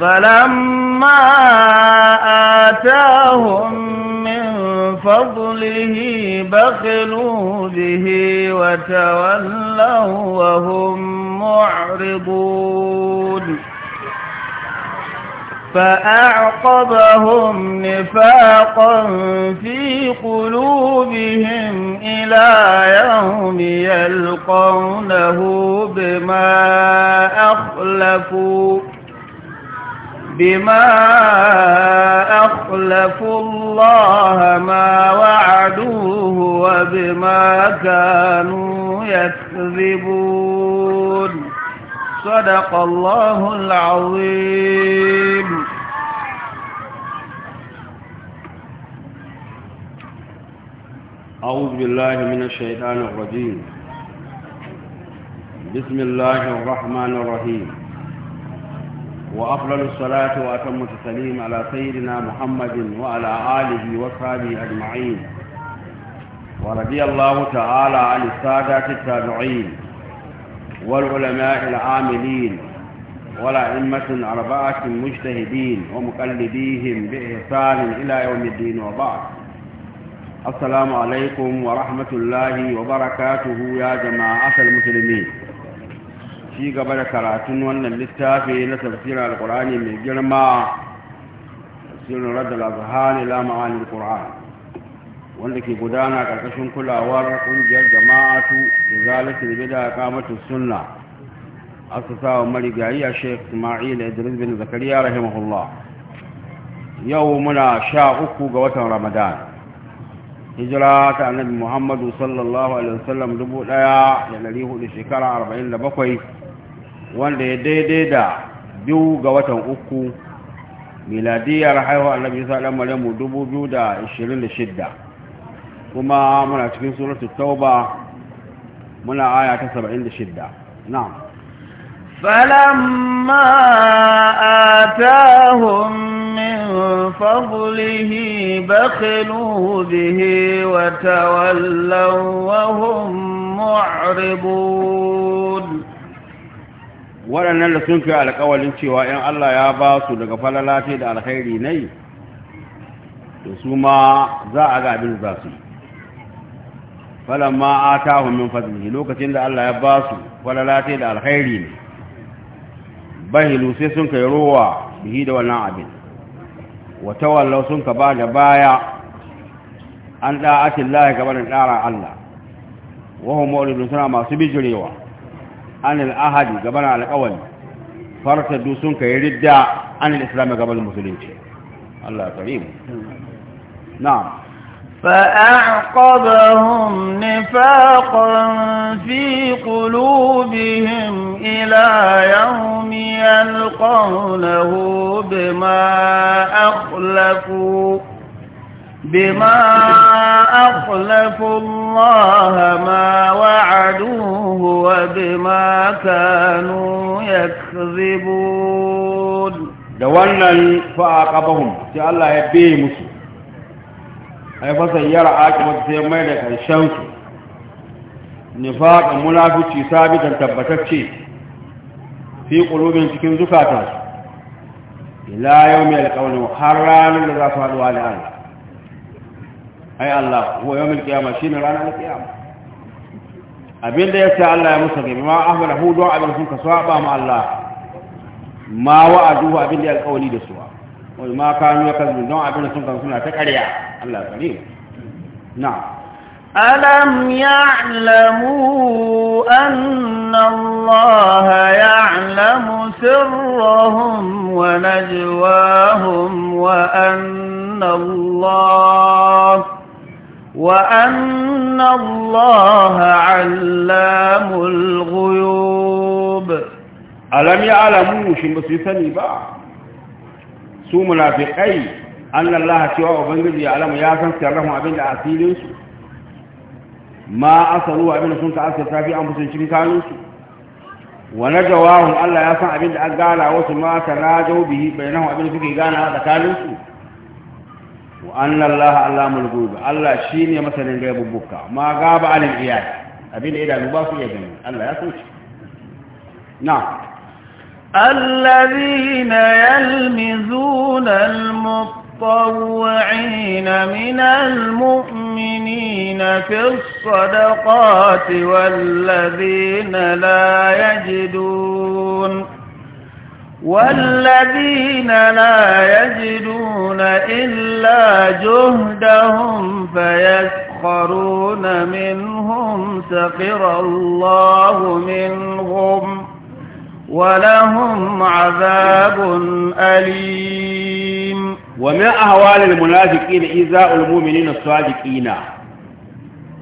فلما آتاهم من فضله بخلوا به وتولوا وهم معرضون فأعقبهم نفاقا في قلوبهم إلى يوم يلقونه بما أخلفوا بما أخلفوا الله ما وعدوه وبما كانوا يكذبون صدق الله العظيم أعوذ بالله من الشيطان الرجيم بسم الله الرحمن الرحيم وأفضل الصلاة وأتم التسليم على سيدنا محمد وعلى آله وصحبه أجمعين ورضي الله تعالى عن السادة التابعين والعلماء العاملين والأئمة أربعة مجتهدين ومقلديهم بإحسان إلى يوم الدين وبعد السلام عليكم ورحمة الله وبركاته يا جماعة المسلمين ci gaba da karatun wannan littafi na tafsirin alkur'ani mai girma tafsirin radar azhar ila ma'anin qur'an wanda ke gudana karkashin kulawar kungiyar jama'atu da zalatin bida kamatu sunna asasawa marigayi a sheikh ismail idris bin zakariya rahimahullah yau muna sha uku ga watan ramadan hijira ta annabi muhammadu sallallahu alaihi wasallam dubu daya da dari hudu shekara arba'in da bakwai wanda ya daidai da biyu ga watan uku miladiyar haihuwa annabi isa dan maryamu dubu biyu da da ishirin shidda, kuma muna cikin suratu tauba muna aya ta saba'in da 76 na'am فلما آتاهم من فضله بخلوا به وتولوا وهم معرضون waɗannan da sun fi alƙawalin cewa ‘yan Allah ya ba su daga falalace da alkhairi nai da su ma za a ga abin za su yi falon ma a tahun min fadli lokacin da Allah ya ba su falalace da alkhairi ne bahilu sai sun kai rowa bihi da wannan abin wata wallau sun ka ba da baya an ɗa'atin lahi gabanin ɗara Allah wahon ma'ulidun suna masu bijirewa عن الأهد قبل على الأول فرق الدوسون كي يرد عن الإسلام قبل المسلمين الله كريم نعم فأعقبهم نفاقا في قلوبهم إلى يوم يلقونه بما أخلفوا بما أخلفوا الله ما وعدوه وبما كانوا يكذبون دوانا فأقبهم تعالى يبيه مسو أي فصل يرى آكما تسير ميلك الشمس نفاق منافتي ثابتا تبتكشي في قلوب تكن زكاتا إلى يوم يلقون وحران لذا فعلوا على آلها أي الله هو يوم القيامة شين رانا القيامة أبين ده الله يا مستقيم ما أهمله هو دعا بلكم كسواء بام الله ما وعدوه أبين ده القولي ده سواء وما كانوا يكذبون دعا بلكم كسواء تكريا الله سليم نعم ألم يعلموا أن الله يعلم سرهم ونجواهم وأن الله وأن الله علام الغيوب ألم يعلموا شن بسيسني با سو منافقين أن الله سوى وبنجد يعلم يا سن سرهم أبين أسيلين ما أصلوا أبين سنك أسلتا في أنفسهم شن كانوا ونجواهم الله يا سن أبين أقالا وسما تناجوا به بينهم أبين فكي قانا ذكالين سوى wa anna Allah ghuyub Allah shine masanin gaibubbuka ma gaba alil iyad abin da idanu ba su iya gani Allah ya soci na الذين يلمزون المطوعين من المؤمنين في الصدقات والذين لا يجدون والذين لا يجدون إلا جهدهم فيسخرون منهم سخر الله منهم ولهم عذاب أليم ومن أهوال المنافقين إذاء المؤمنين الصادقين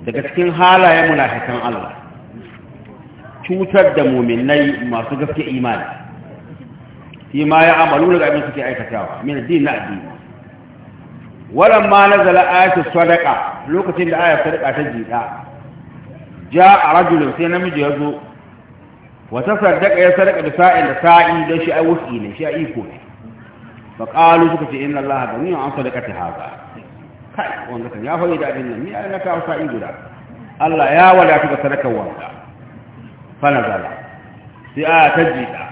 تكتكين cikin يا منافقين الله cutar مؤمنين ما masu gaske imani fi ma ya amalu daga abin suke aikatawa min addini na addini Wannan ma nazala ayatu sadaqa lokacin da ayatu sadaqa ta jida ja rajulun sai namiji ya zo wa tasaddaqa ya sadaqa da sa'in da sa'i dan shi ai wusi ne shi ai iko ne fa qalu suka ce inna allaha ganiyun an sadaqati haza kai wanda kan ya faɗi da abin nan ni ai na kawo sa'i guda Allah ya wadata ga sadakar wanda fa nazala sai aya ta jida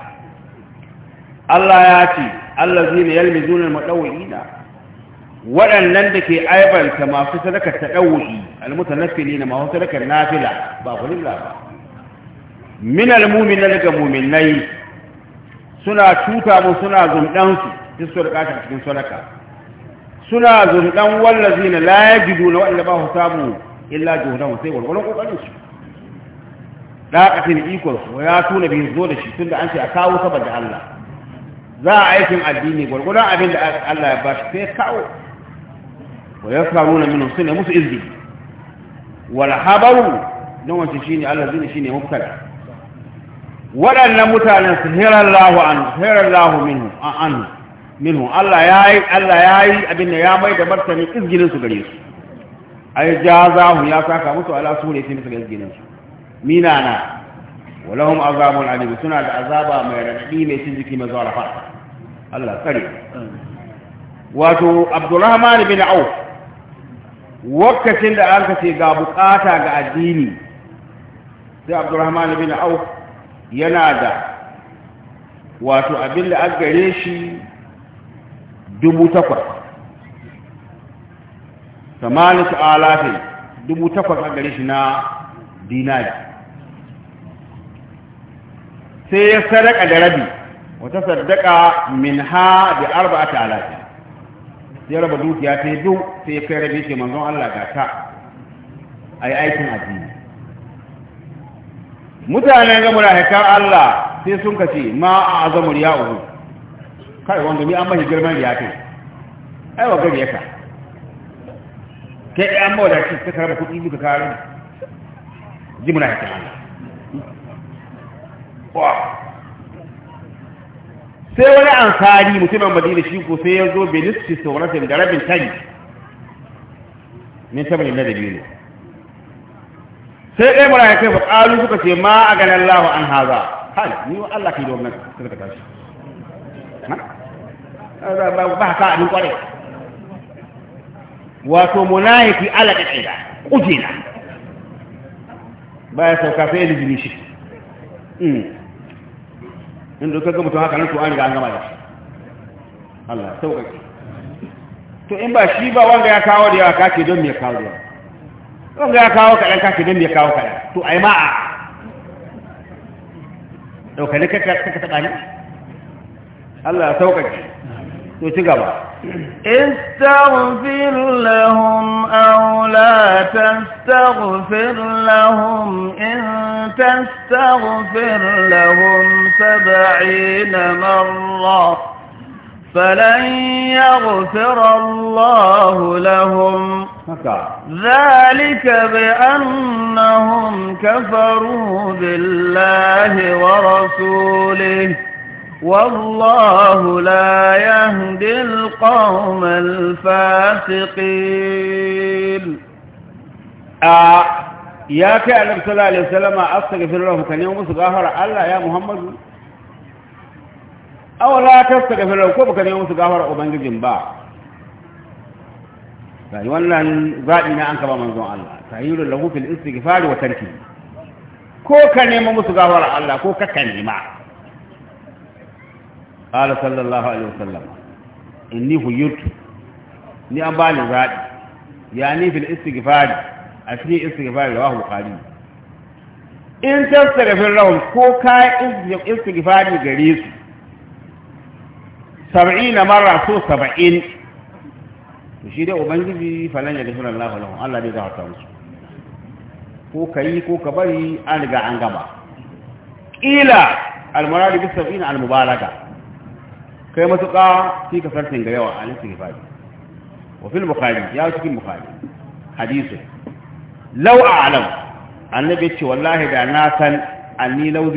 Allah ya ce Allah zai ne allazina yalmizuna na. waɗannan da ke aibanta masu sadakar tadawwi almutanaffilina masu sadakar nafila ba kulilla ba min almu'mina daga mu'minai suna cuta mu suna zumdan su su rika ta cikin sadaka suna zumdan wallazina la yajiduna waɗanda ba samu illa juhdan sai walwalan ƙoƙarin su dakatin ikon ya tuna bin zo da shi da an ce a kawo saboda Allah za a aikin addini gwargwadon abin da Allah ya ba sai kawo wa ya faru na minu su ne musu izini wal habaru don wancan shi ne Allah zini shi ne mubtada waɗannan mutanen su hirar lahu an hirar lahu minhu an anhu minhu Allah ya yi Allah ya yi abin da ya mai da martani izginin su gare su ai jazahu ya saka musu ala sura fi musu izginin su mina na walahum azabun alim suna da azaba mai radadi mai ciziki mai zuwa Allah tsare wato Abdulrahman bin Auf wakacin da an kace ga buƙata ga addini sai Abdulrahman bin Auf yana da wato abin da an gare shi dubu takwas tamanin su alafin dubu takwas shi na dinari sai ya sadaka da rabi wata sadaka min ha da arba ta alaƙi ya raba dukiya ta yi duk sai ya kai rabi ke manzon Allah ga ta a yi aikin addini mutane ga mulahikan Allah sai sun kace ma a azamu riya uku kai wanda ni an mahi girman riya kai ai wa gari yaka kai an mawa da shi ta karɓa kuɗi duka karin ji mulahikan Allah sai wani ansari mutumin madina shi ko sai ya zo benin su sauransu da rabin tani min saman da dabino sai ɗaya mara kai fasalu suka ce ma a ganin lahu an haza hal ni wa Allah ke da wannan suka tashi ba haka abin kwarai wato munafiki ala da ƙida kujina baya sauka sai ya jini shi hmm. inda ka ga mutum haka nan to an riga an gama da shi Allah sauƙaƙe to in ba shi ba wanda ya kawo da yawa kake don me ya kawo da wanda ya kawo kaɗan kake don me ya kawo kaɗan to ai ma a ɗaukali ka taɓa ne Allah sauƙaƙe to ci gaba استغفر لهم أو لا تستغفر لهم إن تستغفر لهم سبعين مرة فلن يغفر الله لهم ذلك بأنهم كفروا بالله ورسوله والله لا يهدي القوم الفاسقين آه، ya kai annabi sallallahu alaihi wasallam astaghfirullah ka nemo musu gafara Allah ya Muhammadu aw la tastaghfirullah ko baka nemo musu gafara ubangijin ba sai wannan zabi ne an kaba manzon Allah tayyuru lahu fil istighfar wa tarki ko ka nemo musu gafara Allah ko ka kanima qala sallallahu alaihi wasallam inni huyirtu ni an bani zabi yani fil istighfar a cikin istighfar rawahu bukhari in tastaghfir lahum ko kai istighfar gare su 70 marra so 70 to shi dai ubangiji falan ya dafa Allah lahum Allah dai gafarta musu ko kai ko ka bari an riga an gaba kila almaradi bi 70 almubalaga kai matuƙa ka kasartin ga yawa al-istighfar wa fil bukhari ya cikin bukhari hadisi lau a alam annabi ce wallahi da na san anni lau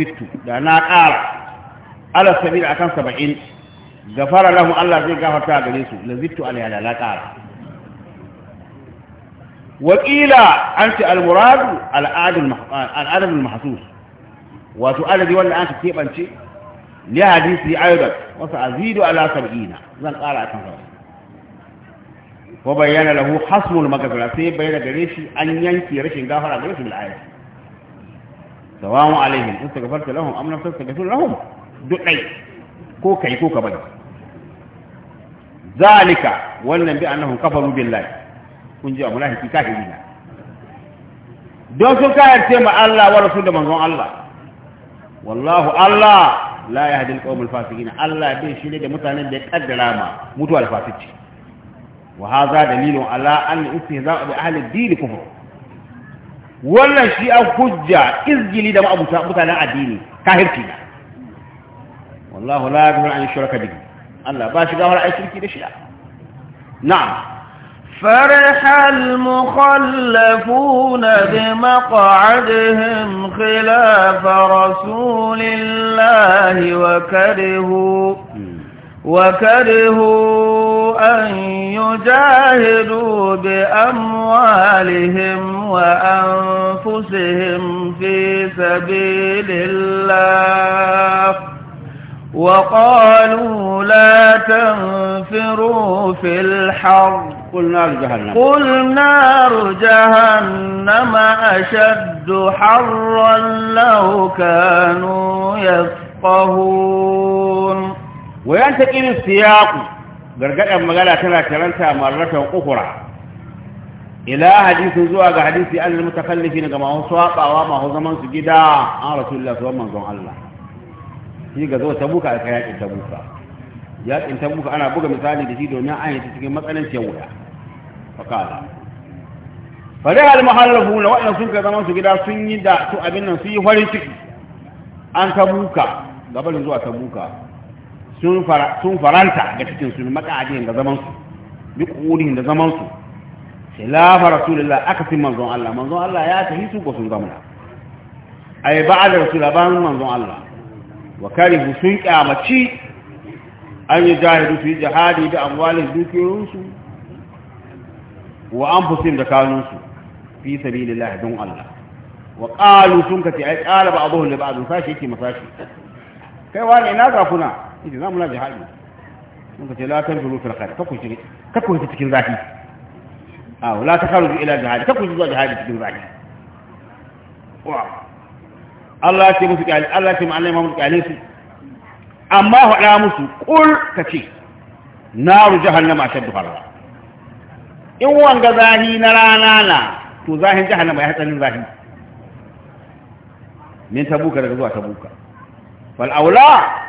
da na ƙara ala sabila akan saba'in gafara lahu Allah zai gafarta gare su la zittu alaiha da na ƙara wakila an ce almuradu al'adun mahasus wato adadi wanda an keɓance li hadisi ayyubat wasu azidu ala sab'ina zan ƙara akan saba'in wa bayyana lahu hasmul maghfira sai bayyana gare shi an yanki rashin gafara gare shi al'ayat sawamu alaihim in ta gafarta lahum am lam tastaghfir lahum duk dai ko kai ko ka bari zalika wannan bi annahum kafaru billahi kun ji amala hiki kafiri na don sun kayarce ma Allah wa rasul da manzon Allah wallahu Allah la yahdi al-qawm al-fasiqin Allah bai shirye da mutanen da ya kaddara ma mutuwar fasici وهذا دليل على أن استهزاء بأهل الدين كفر ولا شيء حجة إذ جلد أبو سابت على الدين كاهر والله لا يقول عن الشركة دي الله باش قاهر عن الشركة دي نعم فرح المخلفون بمقعدهم خلاف رسول الله وكرهوا وكرهوا أن يجاهدوا بأموالهم وأنفسهم في سبيل الله وقالوا لا تنفروا في الحرب قل نار جهنم قل نار جهنم أشد حرا لو كانوا يفقهون wayan ta ƙirin siyaku gargaɗin magana tana taranta marratan kufura ila hadisin zuwa ga hadisi an kallifi daga mahu swabawa mahu zaman su gida an rasulullah su manzon Allah shi ga zo tabuka aka yakin tabuka yakin tabuka ana buga misali da shi domin an yi cikin matsalanciyar wuta fakala fariha al-muhallafu na waɗanda sun kai zaman su gida sun yi da su abin nan sun yi farin ciki an tabuka gabanin zuwa tabuka sun faranta ga cikin su maka ajin da zaman su bi kurin da zaman su khilafa rasulullah aka fi manzon Allah manzon Allah ya tafi su ko sun zamana ay ba'da rasulullah ban manzon Allah wa karihu sun kyamaci an yi jahidu fi jihadi bi amwalin dukiyoyin su wa anfusihim da kanun su fi sabilillah don Allah wa qalu sun kace ay qala ba'dhum li ba'd sashi yake masashi kai wani ina ga kuna idan zamu na jihadi mun ka ce la tanzuru fil khair kakku shi kakku shi cikin zafi a la takharuju ila jihadi kakku shi zuwa jihadi cikin zafi wa Allah ya ce musu kali Allah ya ce mu Allah ya mu kali su amma da musu kul kace naru jahannama ashaddu harra in wanga zahi na rana na to zahin jahannama ya hatsarin zahi min tabuka daga zuwa tabuka fal aula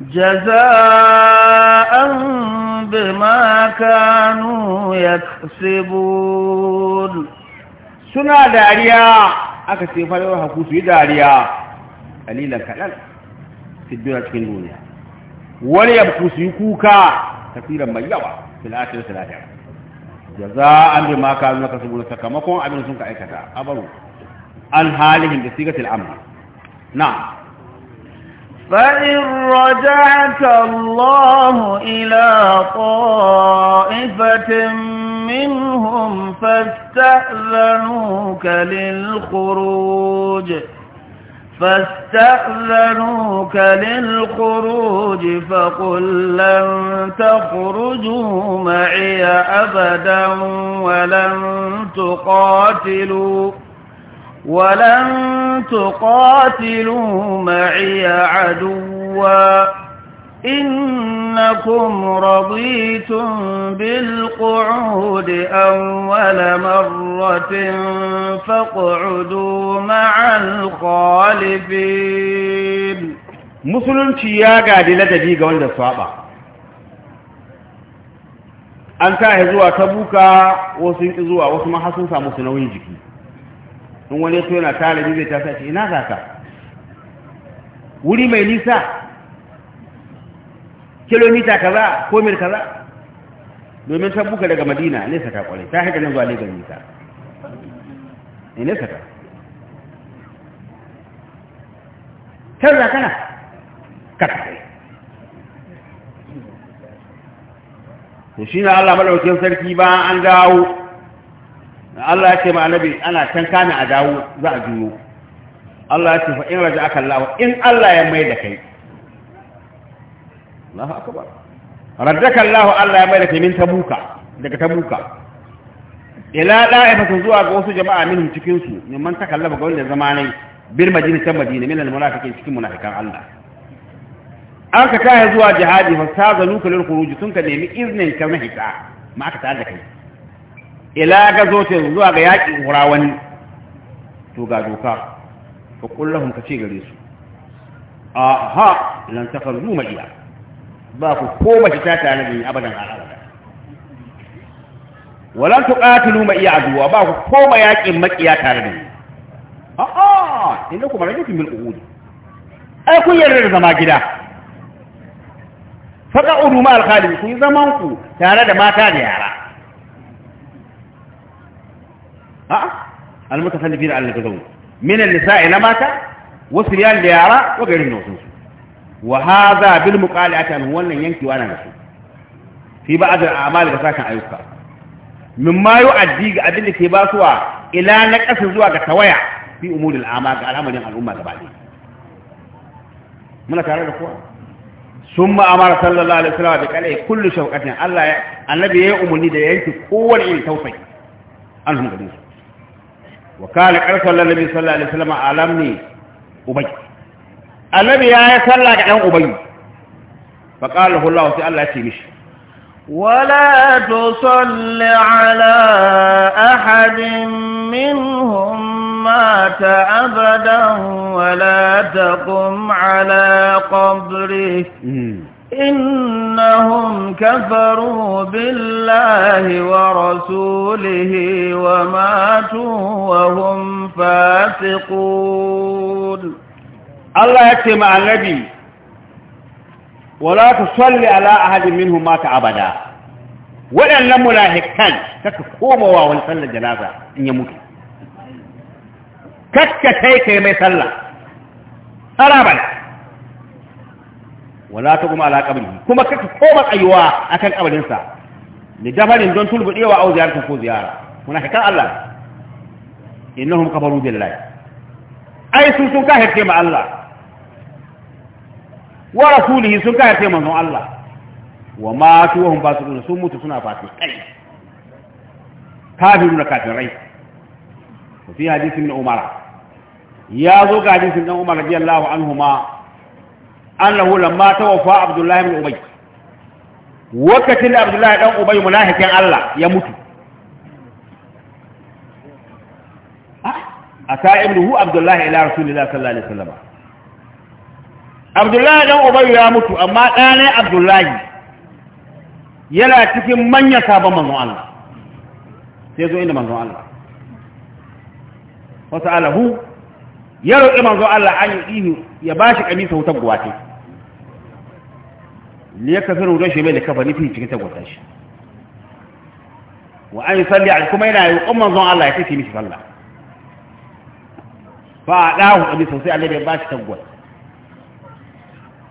جزاء بما كانوا يكسبون suna dariya aka ce farewa haku su yi dariya kalilan kaɗan fiddura cikin duniya wani yabku su yi kuka tafiran mai yawa filatir filatir da za an bi maka zuwa kasu gudun sakamakon abin sun ka aikata abaru an halihin da sigatil amma na فإن رجعك الله إلى طائفة منهم فاستأذنوك للخروج فاستأذنوك للخروج فقل لن تخرجوا معي أبدا ولن تقاتلوا ولن تقاتلوا معي عدوا إنكم رضيتم بالقعود أول مرة فاقعدوا مع الخالفين musulunci ya gadi ladabi ga wanda saba an tahe zuwa ta buka wasu zuwa wasu ma har sun samu nauyin jiki in wani so yana talibi zai tasa shi ina za ka wuri mai nisa kilomita kaza ko mil kaza domin ta buka daga madina nesa ta kware ta haka nan zuwa legon nisa eh, nesa ta tarra kana kakakai to shi na allah maɗaukin sarki ba an dawo Allah ya ce ma annabi ana can kamin a dawo za a juyo Allah ya ce fa in raja aka Allah in Allah ya mai da kai Allahu akbar raddaka Allah Allah ya mai da kai min tabuka daga tabuka ila da'ifatin zuwa ga wasu jama'a minhum cikin su ne man takallaba ga wanda zama nai bil madina ta madina min al munafiqin cikin munafikan Allah an ka tahi zuwa jihadi fa sazaluka lil khuruj sun ka nemi iznin ka mahita ma aka tada kai ila ga ta zuwa ga yaƙin wani to ga doka ka kullahum ka ce gare su aha lan lantakar ma iya ba ku ko mace ta tare da ni abadan a abada walan tuqatilu ma iya aduwa ba ku ko ma yaƙin makiya tare da ni a'a inda kuma rage bil uqud ai kun yarda da zama gida faqa udu ma al khalid kun zaman ku tare da mata da yara المتخلفين على الجذور من النساء الى مات وسريان ليارا وغير النصوص وهذا بالمقالعة هو أن ينكي وانا نسو في بعض الأعمال اللي بساكن أيوكا مما يؤدي أدل كباسوا إلى نقص زواج التوايع في أمور الأعمال قال أمر ينقل أمة بعدين من أتعرض أخوة ثم أمر صلى الله عليه وسلم بك عليه كل شوقتنا الله النبي يأمني دي ينكي قوة إلي توفي أنهم قدوسوا wa kala karsan lalabi sallallahu alaihi wasallam ubai annabi ya yi sallah ga ɗan ubai fa qala allah sai allah ya ce mishi wala tusalli ala ahadin minhum mata abadan wala taqum ala qabrihi إنهم كفروا بالله ورسوله وماتوا وهم فاسقون الله يكتم النبي ولا تصلي على أحد منهم مات أبدا وإن ملاهكان كتقوم وهو صلى الجنازة إن يموت كتكتيك يمي صلى أبدا wala ta kuma ala kabri kuma kaka koma tsayuwa akan kabarin sa ni dafarin don tulbudewa au ziyarta ko ziyara kuna ka kan Allah innahum kafaru billahi ai su sun kafirce ma Allah wa rasulihi sun kafirce manzon Allah wa ma matu wa hum basiqun sun mutu suna Fati fasikai kafiruna kafirai fi hadisin umara ya zo ga hadisin dan umar radiyallahu anhuma annahu lamma tawaffa abdullahi ibn ubay wakati da abdullahi dan ubay munafikin Allah ya mutu ata ah, ibnuhu abdullahi ila rasulillah sallallahu alaihi wasallam abdullahi dan ubay ya mutu amma dane abdullahi yana cikin manyan sabon manzon Allah sai zo inda manzon Allah wasu alahu ya roƙi manzon Allah an yi ihu ya bashi kamisa wutar guwatai liyakafiru don shi mai da kafa nufin cikin tagwata shi wa an salli kuma yana yi umman zon Allah ya kai mishi sallah fa a ɗahu ɗabi sosai Allah bai ba shi tagwat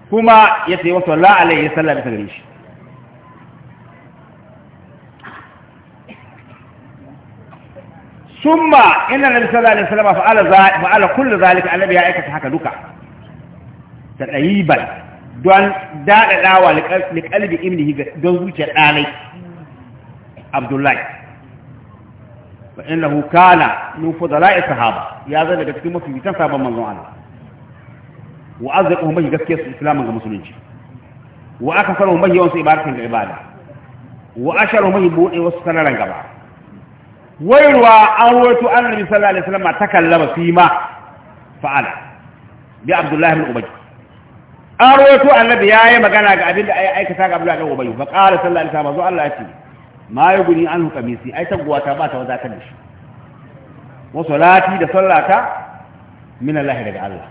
kuma ya ce wasu Allah Allah ya sallah bisa gare shi summa inna nabi sallallahu alaihi wasallam fa'ala zalika annabi ya aikata haka duka ta don daɗaɗawa liƙalbi imnihi don zuciyar ɗalai abdullahi wa inna hukana nufu da la'i sahaba ya zai daga cikin mafi bitan sabon manzon Allah wa arzika kuma mafi gaske su islamin ga musulunci wa aka sanar mafi yawan su ibadatin ga ibada wa asharu mafi buɗe wasu sanaran gaba wayarwa an wato annabi sallallahu alaihi wasallam ta kallama fi ma fa'ala bi abdullahi bin ubayy an rawaito annabi ya yi magana ga abin da ya aikata ga abdullahi dan ba ƙara sallah alisa ba zo Allah ya ce ma an anhu kamisi ai taguwa ta ba ta wadatar da shi Wasu lati da sallata min Allah daga Allah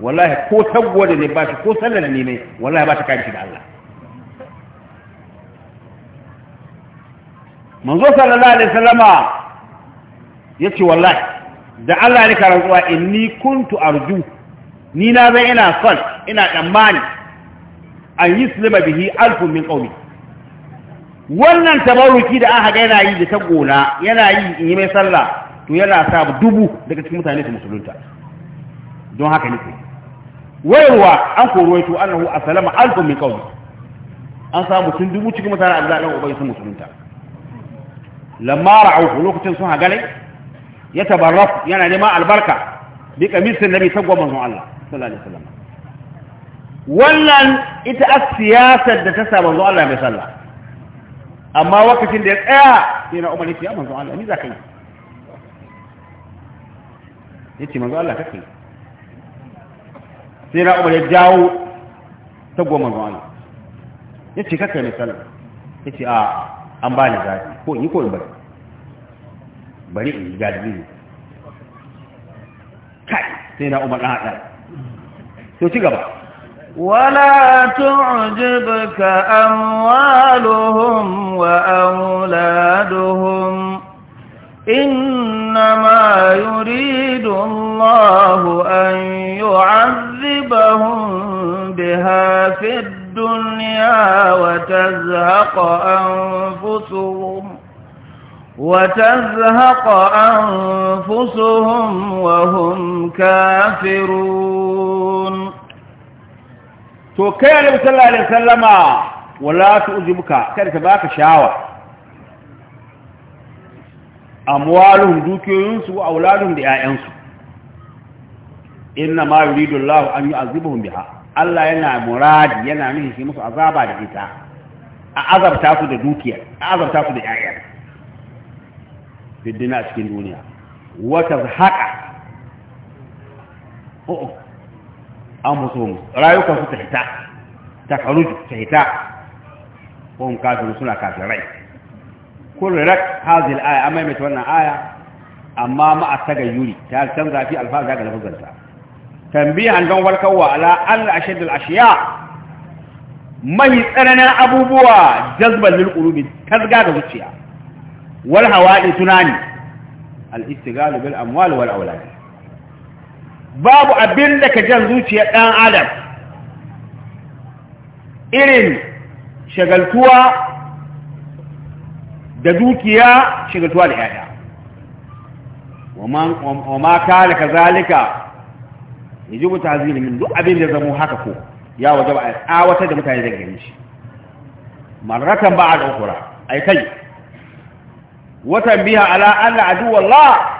wallahi ko taguwa da ne ba shi ko sallar ne mai wallahi ba ta kai shi da Allah manzo sallallahu alaihi wasallama ce wallahi da Allah ne ka rantsuwa inni kuntu arju ni na zai ina son ina tsammani an yi sulma bihi alfun min qaumi wannan tabaruki da aka haɗa yana yi da ta gona yana yi in yi mai sallah to yana sa dubu daga cikin mutane su musulunta don haka nufi wayarwa an koruwaito annahu salama alfun min qaumi an samu sun dubu cikin mutane Allah dan ubai sun musulunta lamma ra'u lokacin sun hagalai ya tabarrafu yana neman albarka bi kamisin nabi sagwa manzon Allah sallallahu alaihi wasallam wannan ita as siyasar da ta sa manzo Allah mai sallah amma lokacin da ya tsaya sai na umar ya manzo Allah ni za ka yi yace manzo Allah kake sai na umar ya jawo goma manzo Allah yace kake mai sallah yace a an ba ni zaɓi ko in yi ko in bari bari in yi ne, kai sai na umar ɗan haɗari to ولا تعجبك أموالهم وأولادهم إنما يريد الله أن يعذبهم بها في الدنيا وتزهق أنفسهم وتزهق أنفسهم وهم كافرون to kai ya annabi sallallahu alaihi wasallama wala tu'jibuka kada ta baka shawa amwaluhum dukiyoyinsu wa auladuhum da 'ya'yansu inna ma yuridu Allahu an yu'azibuhum biha Allah yana muradi yana nufi shi musu azaba da ita a azabta su da dukiyar a azabta su da 'ya'yan fiddina a cikin duniya wa tazhaqa oh, oh. أنفسهم رأيك في تحتاء تخرج تحتاء هم كافر سنة كافرين كل رك هذه الآية أما يتوانا آية أما ما أستغل يولي تهل تنظر في ألفاظ هذا لفظ أنت تنبيه عن جنوة الكوة على أن أشد الأشياء ما هي سننا أبوبوا جذبا للقلوب تذكاك ذكيا والهواء تناني الاستغال بالأموال والأولاد babu abin da ka jan zuciyar ɗan adam irin shagaltuwa da dukiya shagaltuwa da yaya wa ma kana kazalika yajibu tahzir min duk abin da zamo haka ko ya wajaba a tsawatar da mutane daga gare shi ba ba'a da ukura ai kai watan biha ala anna aduwallah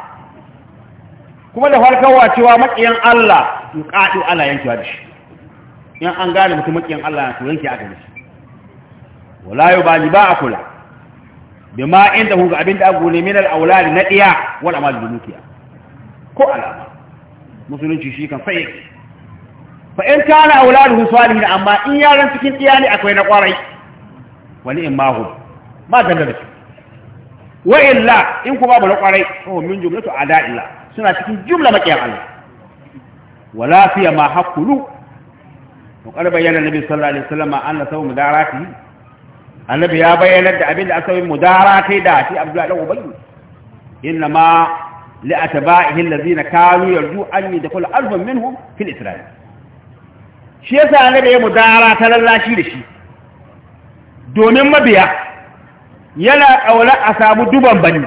kuma da farkawa cewa makiyan Allah yuqadu Allah yankewa da shi in an gane mutum makiyan Allah to yanke aka da wala yubali ba akula bima inda hu ga abin da agone min al aulad na diya wal amal dunukiya ko alama musulunci shi kan sai fa in kana auladuhu salihin amma in yaran cikin ne akwai na kwarai wani in mahu ma zanga da shi wa illa in kuma ba na kwarai to min jumlatu ada illa suna cikin jumla makiyan Allah Wa lafiya ma hakulu to kar bayyana nabi sallallahu alaihi wasallam anna sawu mudarati annabi ya bayyana da abin da aka yi mudarati da shi abdullahi dan ubayy inna ma li atba'ihi alladhina kanu yarju an yadkhul alfun minhum fil islam shi yasa annabi ya mudarata lallashi da shi domin mabiya yana kaula a samu duban bani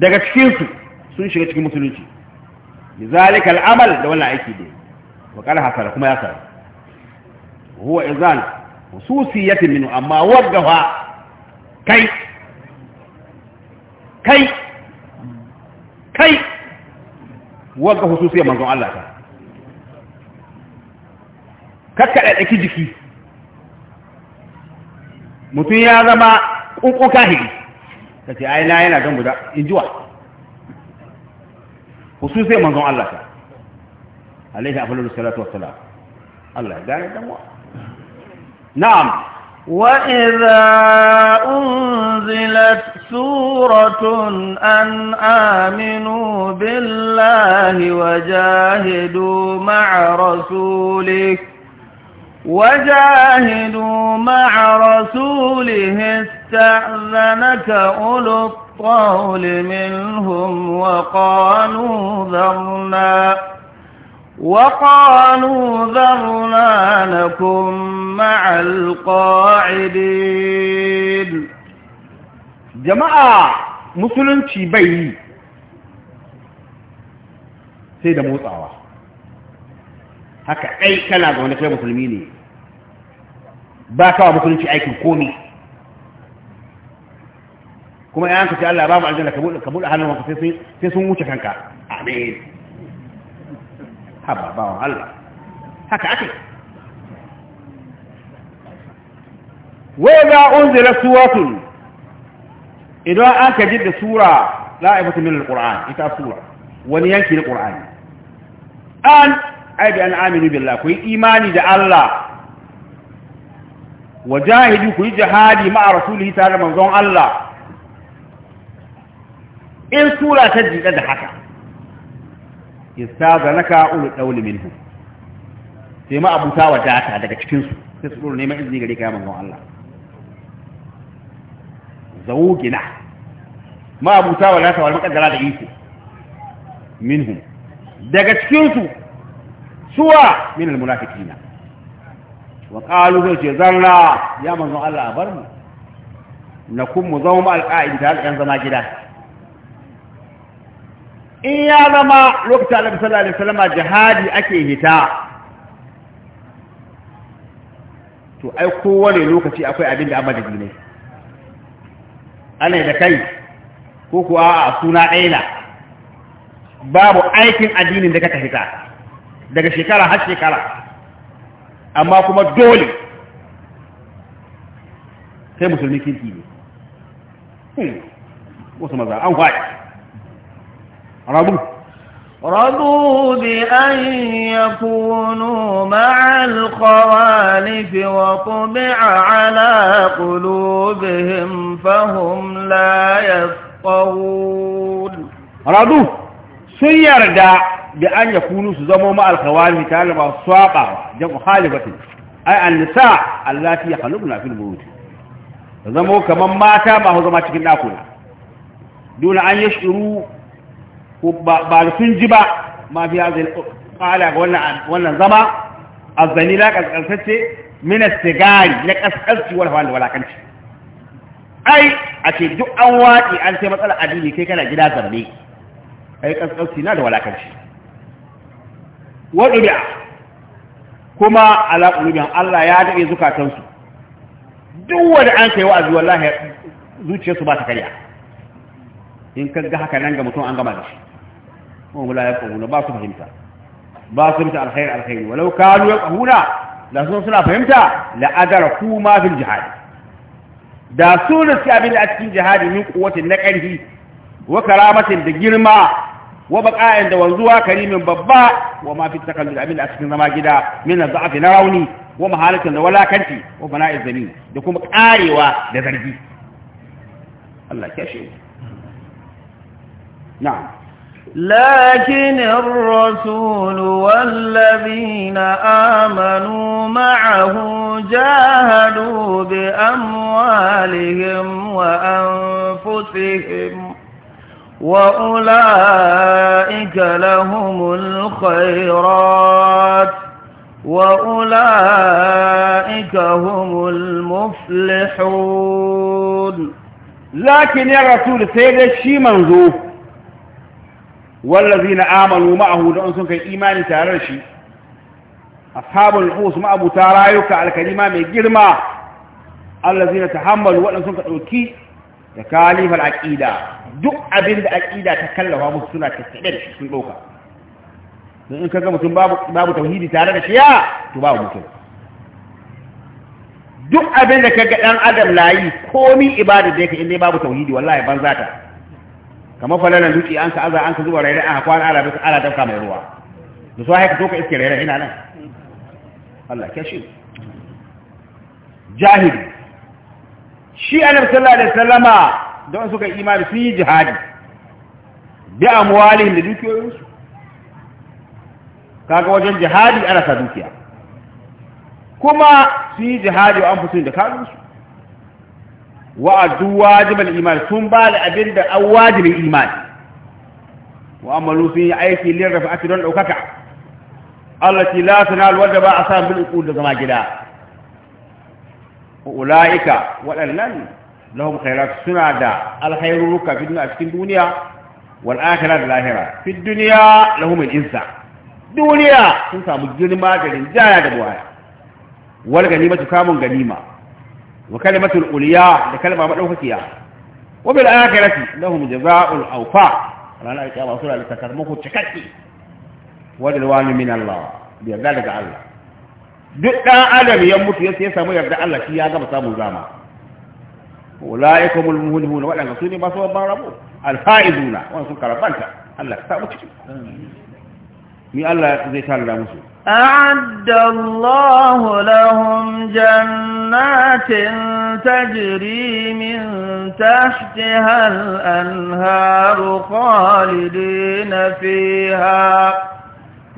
daga cikinsu sun shiga cikin musulunci da zalikal amal da wannan aiki ne. wa kala hasara kuma ya sara huwa izal ya minhu amma waggafa kai kai kai wagga ya manzon Allah ta da ɗaki jiki mutum ya zama ƙunƙun kahiri ta ce ai na yana gan guda in jiwa خصوصي من قال الله عليه افضل الصلاه والسلام الله دار دموع نعم واذا انزلت سوره ان امنوا بالله وجاهدوا مع رسوله وجاهدوا مع رسوله استأذنك أولو الطول منهم وقالوا ذرنا وقالوا ذرنا لكم مع القاعدين جماعة musulunci bai yi sai da motsawa haka ɗai kana ga wanda musulmi ne ba kawa musulunci aikin komi kuma ya ka ce Allah ba aljanna ka buɗe ka buɗe hannun wanka sai sai sun wuce kanka amin haba ba Allah haka ake wa idza unzila suratun idan an ka jidda sura la'ibatu min alquran ita sura wani yanki na qur'ani an ai bi an aminu billah ku imani da Allah wajahidu ku jihadi ma'a rasulihi ta'ala manzon Allah in tura ta jiɗa da haka istazanaka ulu qawli minhu sai ma abuta wadata daga cikinsu, sai su dora neman izini gari ka ya manzon Allah zawugina ma abuta data wal muqaddara da iko minhum daga cikinsu su suwa min al munafiqina wa qalu zai ce zarra ya manzon Allah a bar mu na kun mu zama al qa'id da ƴan zama gida in ya zama lokacin alaihi sallallahu alaihi wasallama jihadi ake hita to ai kowane lokaci akwai abin da amma da ne ana da kai ko kuwa a suna ɗaya na babu aikin addinin da ka hita daga shekara har shekara amma kuma dole sai musulmi kirki ne hmm, wasu maza an kwaɗi رضوا رضوا بأن يكونوا مع الخوالف وطبع على قلوبهم فهم لا يفقهون رضوا سير دا بأن يكونوا سزموا مع الخوالف تعالى مع جمع خالفة أي النساء التي يخلقنا في البيوت زموا كمان ماتا ما هو زمان تكنا دون أن يشعروا ba da sun ji ba ma fi hazin ƙala ga wannan zama a zani na ƙasƙasance mina sigari na ƙasƙasci wani da walakanci ai a ce duk an waɗi an sai matsala addini kai kana gida zamne ai ƙasƙasci na da walakanci waɗu da kuma alaƙulubin Allah ya daɗe zukatansu duk wani an kai wa'azi wallahi zuciyarsu ba ta karya in ka ga haka nan ga mutum an gama da shi وهم لا يفقهون ما فهمت ما فهمت الخير الخير ولو كانوا يفقهون لا سنة فهمت لأدركوا ما في الجهاد دا سورة كابل أتكين جهاد من قوة النقره وكرامة دجرما وبقاء عند وانزوا كريم ببا وما في التقلب أبل أتكين زما جدا من الضعف نروني ومهانة ولا كنتي وبناء الزمين دكم قاروا دزرجي الله كشف نعم لكن الرسول والذين آمنوا معه جاهدوا بأموالهم وأنفسهم وأولئك لهم الخيرات وأولئك هم المفلحون لكن يا رسول سيد الشي منذوب na amanu ma'ahu da sun kai imani tare da shi ashabul us ma'abuta rayuka alkalima mai girma allazina tahammalu wadan sun ka dauki da kalifal aqida duk abinda aqida ta kallafa musu suna tattabe da shi sun dauka don in kaga mutum babu babu tauhidi tare da shi ya to babu mutum duk abinda kaga dan adam layi komi ibada da yake inda babu tauhidi wallahi banzata kamar falalan dutse an ka aza an ka zuba raira a kwana ala ala dauka mai ruwa da su haka to iske raira ina nan Allah ke shi jahili shi annabi sallallahu alaihi wasallama don suka imani fi yi jihadi bi amwalihim da dukiyoyinsu kaga wajen jihadi ana sa dukiya kuma fi yi jihadi an fusun da kanunsu wa addu wajibal iman sun ba da abin da an wajibin imani wa sun yi aiki lin rafa'ati don daukaka allati la tanal wadda ba a samu bil da zama gida ulaika waɗannan lahum suna da alkhairuka fi a cikin duniya wal akhirah da lahira fi duniya lahum duniya sun samu girma da rinjaya da buwaya wal kamun ganima وكلمة الأولياء لكلمة مدوكية وبالآخرة لهم جزاء الأوفاء أنا أتى رسول الله تكرمه تشكتي ورضوان من الله بذلك الله duk ɗan adam ya mutu ya samu yarda Allah shi ya gama samun zama ulaikumul muhlihun waɗanda su ne ba su babban rabo alfa'izuna wannan sun karabanta Allah ya samu ciki Allah zai tallata musu أعد الله لهم جنات تجري من تحتها الأنهار خالدين فيها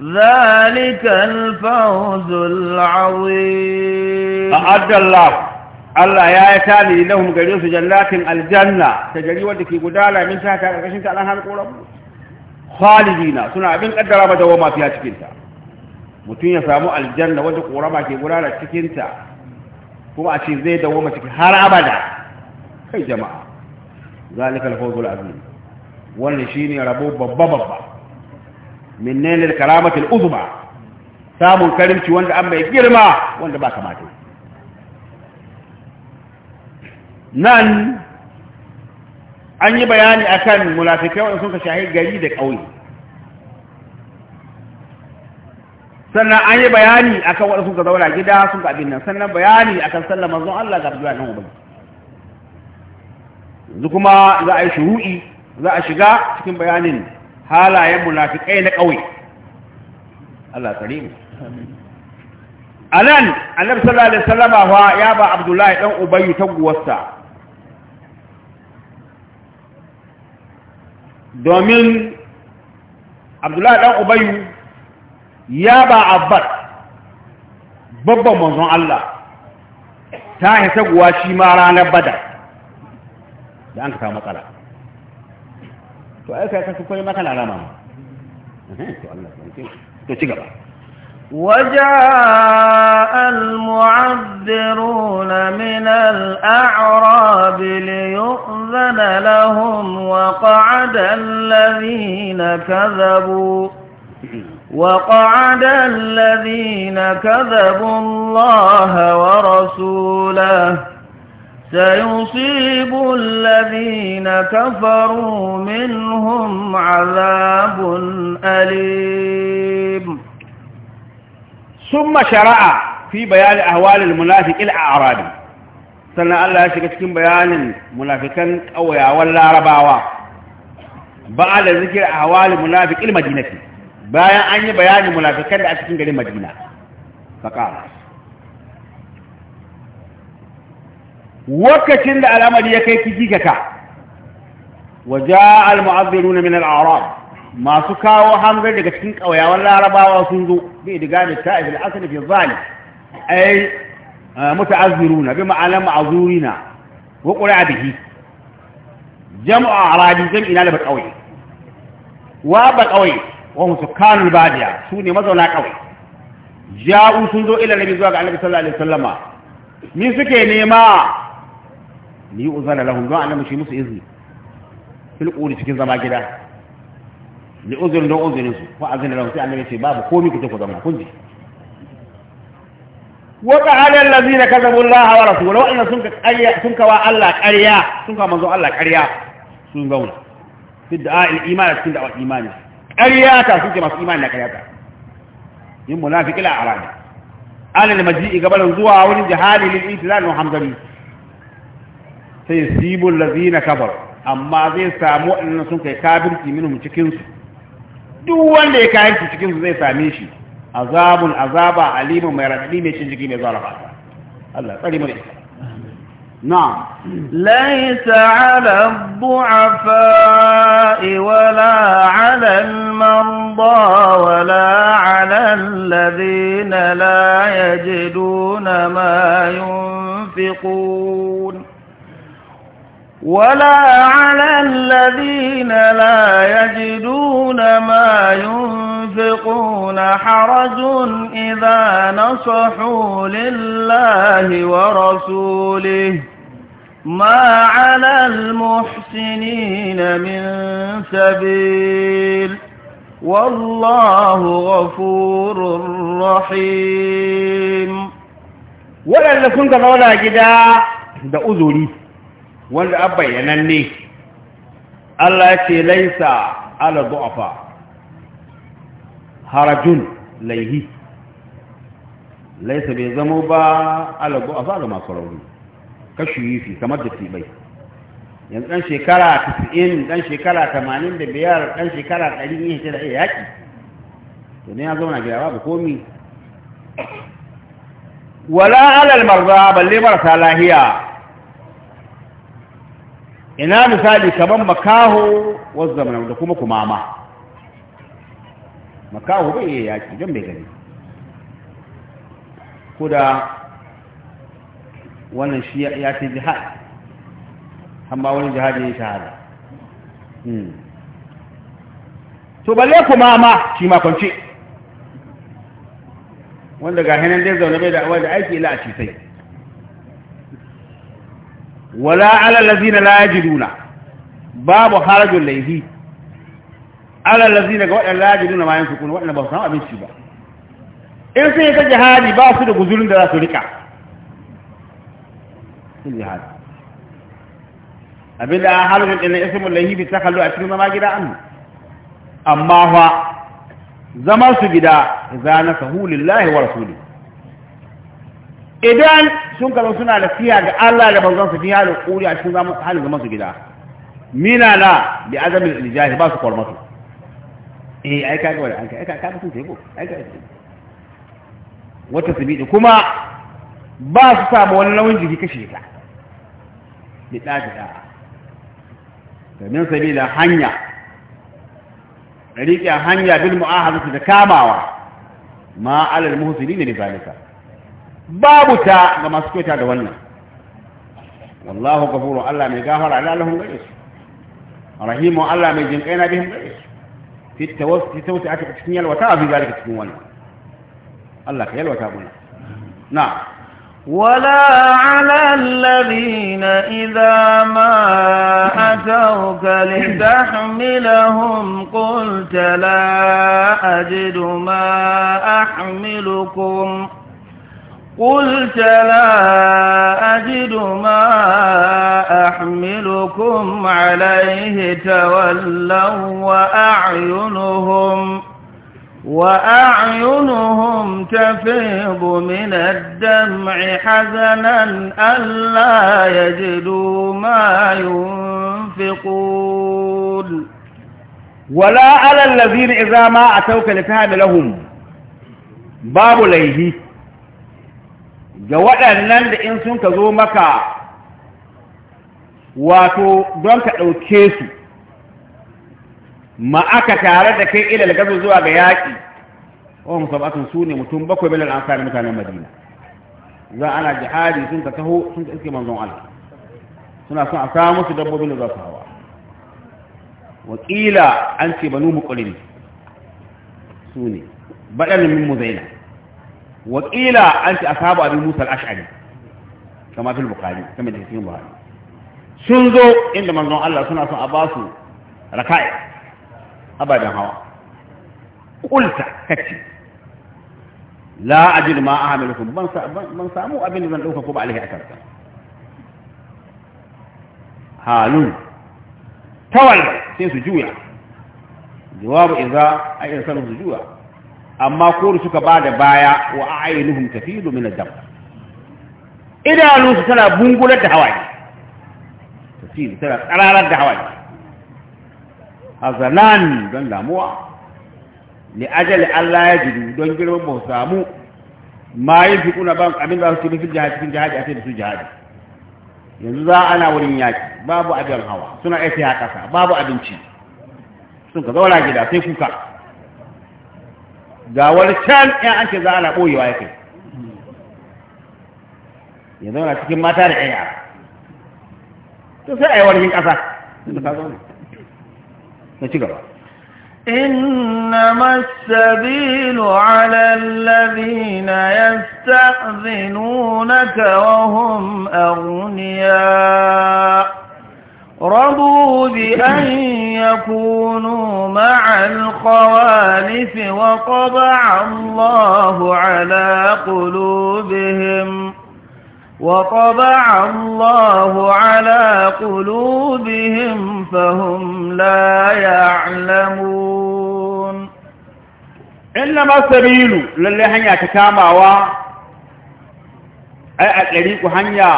ذلك الفوز العظيم أعد الله الله يا يتالي لهم قريص جنات الجنة تجري ودكي قدالة من تحتها الأنهار خالدين سنة بن قدر ما دوما فيها تكينتها mutum ya samu aljanna wanda ƙorama ke gudana cikinta kuma a ce zai dawo ciki har abada kai jama'a zalika alfawzul azim wannan shine rabo babba babba min nailil karamatil uzma samun karimci wanda an mai girma wanda ba kamata nan an yi bayani akan munafikai wanda suka ka gari da ƙauye sannan an yi bayani akan waɗanda suka zauna gida suka abin nan sannan bayani akan sallar manzon Allah ga Abdullahi ibn Ubay yanzu kuma za a yi shuru'i za a shiga cikin bayanin halayen munafikai na ƙauye Allah tsare mu anan annabi sallallahu alaihi wasallama fa ya ba Abdullahi dan Ubay taguwarsa domin Abdullahi dan Ubay ya ba abbar babban manzon Allah ta hita guwa shi ma ranar badar da an ka samu matsala to aika ya kasu kwaye makana rama ma to ci gaba وجاء المعبرون من الأعراب ليؤذن لهم وقعد الذين كذبوا وقعد الذين كذبوا الله ورسوله سيصيب الذين كفروا منهم عذاب أليم ثم شرع في بيان أهوال المنافق الأعراب سنة الله شكتكم بيان منافقا أو يا ولا رباوا بعد ذكر أهوال المنافق المدينة bayan an yi bayanin munafikan da a cikin garin madina faƙa wakacin da al'amari ya kai kiji ga ka waje al-mu'azziruna na minar arab masu kawo hanzar daga cikin ƙauyawan larabawa sun zo bi diga da ta'if al-asli fi zalim ay ah, na bi ma'ana ma'zurina wa qura'a bihi jam'u arabi jam'ina la ba ƙauye wa ba ƙauye wahum sukkanul badiya su ne mazauna kawai ja'u sun zo ila nabi zuwa ga annabi sallallahu alaihi wasallama ni suke nema ni uzana lahum don annabi shi musu izini fil quri cikin zama gida li uzrin don uzrin su ko azina lahum sai annabi ce babu komai ku ku zama kun ji wa qala allazina kadabu Allah wa rasulahu inna sun ka ƙarya sun kawa Allah ƙarya sun kawa manzo Allah ƙarya sun gauna fi da'a'il imani cikin da'awar imani ƙaryata sun ce masu imani na ƙarya ta yin munafiki la arabi alal maji'i gabanin zuwa wurin jihadi lil intizal wa hamdani sai yusibu allazina kabar amma zai samu annan sun kai kafirci minhum cikin su duk wanda ya kafirci cikin su zai same shi azabun azaba alimun mai radadi mai cin jiki mai zalafa Allah tsari mu نعم ليس على الضعفاء ولا على المرضى ولا على الذين لا يجدون ما ينفقون ولا على الذين لا يجدون ما ينفقون حرج إذا نصحوا لله ورسوله ما على المحسنين من سبيل والله غفور رحيم waɗanda sun ka zauna gida da uzuri wanda an bayyananne Allah ce laisa ala du'afa harajun laihi laisa bai zamo ba ala du'afa ga masu rauni yi fi kamar da tibai yanzu ɗan shekara 90 ɗan shekara 85 ɗan shekara 100 ne ta da yaƙi. to ne ya zauna gida babu komi wala alal marza balle marasa lahiya ina misali kaman makaho wasu zamana da kuma kumama makaho bai iya yaƙi, don bai gani kuda wannan shi ya ce jihad amma wani jihad ya yi shahada hmm. to balle kuma ma shi ma kwanci wanda ga hannun dai zaune bai da awar da aiki ila a citai wala alalazi na laji duna babu harajin laifi alalazi na ga waɗanda laji duna ma yin sukuni waɗanda ba su samu abinci ba in sun yi ta jihadi ba su da guzurin da za su rika jihad abinda halin ɗin ismul lahibi ta kallo a cikin zama gida amma fa zama gida za na sahu lillahi wa idan sun kazo suna da fiya ga Allah da manzon su fi halin ƙuri a cikin halin zaman gida mina na bi azamin iljahi ba su kwarmatu eh ai kaga wani an kai ka ka mutum sai ko ai ka wata sabidi kuma ba su samu wani nauyin jiki kashe ta bi ɗaji ɗaya domin sabila hanya riƙe hanya bil su da kamawa ma alal muhsini ne zalika babu ta ga masu kyauta da wannan wallahu gafuru Allah mai gafara ala lahum gare su rahimu Allah mai jinkai na bihin gare su wasu fitta wasu a cikin yalwata fi zalika cikin wannan Allah ka yalwata mana Na. ولا على الذين إذا ما أتوك لتحملهم قلت لا أجد ما أحملكم قلت لا أجد ما أحملكم عليه تولوا وأعينهم وأعينهم تفيض من الدمع حزنا ألا يجدوا ما ينفقون ولا على الذين إذا ما أتوك لتهاب لهم باب ليه ga waɗannan إنسون in sun ka zo maka wato ma aka tare da kai ilal gazu zuwa ga yaƙi wa musabbatun su ne mutum bakwai bilal ansar mutanen madina za ana jihadi sun ka taho sun ka iske manzon Allah suna son a samu musu dabbobin da za su hawa wakila an ce banu muqrin su ne badan min muzaina wakila an ce ashabu abi musa al-ash'ari kama fil bukhari kama da cikin bukhari sun zo inda manzon Allah suna son a ba su raka'i ابدا هوا قلت كتي لا اجد ما اعملكم من سامو ابن من اوفكم عليه اكرتا هالون تولى سينسو جويا جواب اذا اين سنو جويا اما قول سكا بعد بايا واعينهم تفيد من الدم اذا لو سنا بنقول تهواي تفيد ترى قرارات تهواي hazanan don damuwa li ajali Allah ya jidu don girma ba samu ma yin fi kuna ban abin da su fi jihadi cikin jihadi a da su jihadi yanzu za ana wurin yaki babu abin hawa suna aiki a ƙasa babu abinci sun ka zauna gida sai kuka ga wani can ɗan an ce za ana ɓoyewa ya kai ya zauna cikin mata da ƴaƴa to sai a yi warkin ƙasa da ka zauna نتقرأ إنما السبيل على الذين يستأذنونك وهم أغنياء رضوا بأن يكونوا مع الخوالف وطبع الله على قلوبهم وطبع الله على قلوبهم فهم لا يعلمون إنما سبيل للي هنيا كتاما و أي أتريك هنيا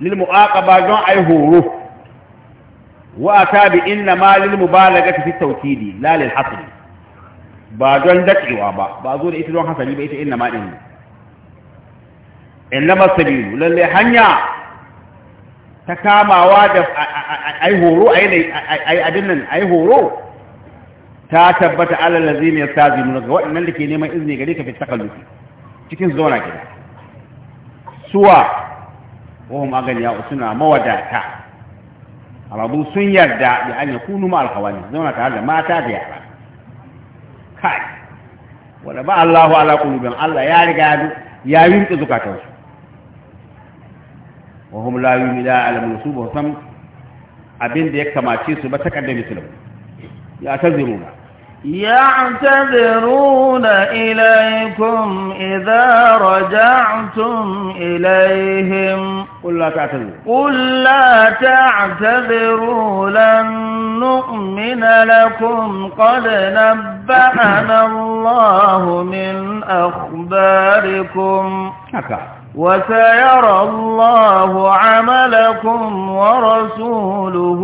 للمؤاقبة جون أي هورو وأتى إنما للمبالغة في التوكيد لا للحصر ba don daɗewa ba ba zo da ita don hasali ba ita lama sabilu lalle hanya ta kamawa da ai horo ai abin nan ai horo ta tabbata ya lazina yastazimuna ga wannan da ke neman izini gare ka fi takallu cikin su zauna gida suwa wahum ya suna mawadata rabu sun yarda da an ya kunu ma alkawani zauna tare da mata da yara kai wala ba Allahu ala qulubin Allah ya riga ya yunki zukatansu wa hum la yu'mina ala musub wa abin da ya kamace su ba takaddu musulmi ya tazuruna ya antazuruna ilaykum idha raja'tum ilayhim qul la ta'tazir qul la ta'tazuru lan nu'mina lakum qad nabba'ana allahu min akhbarikum وسيرى الله عملكم ورسوله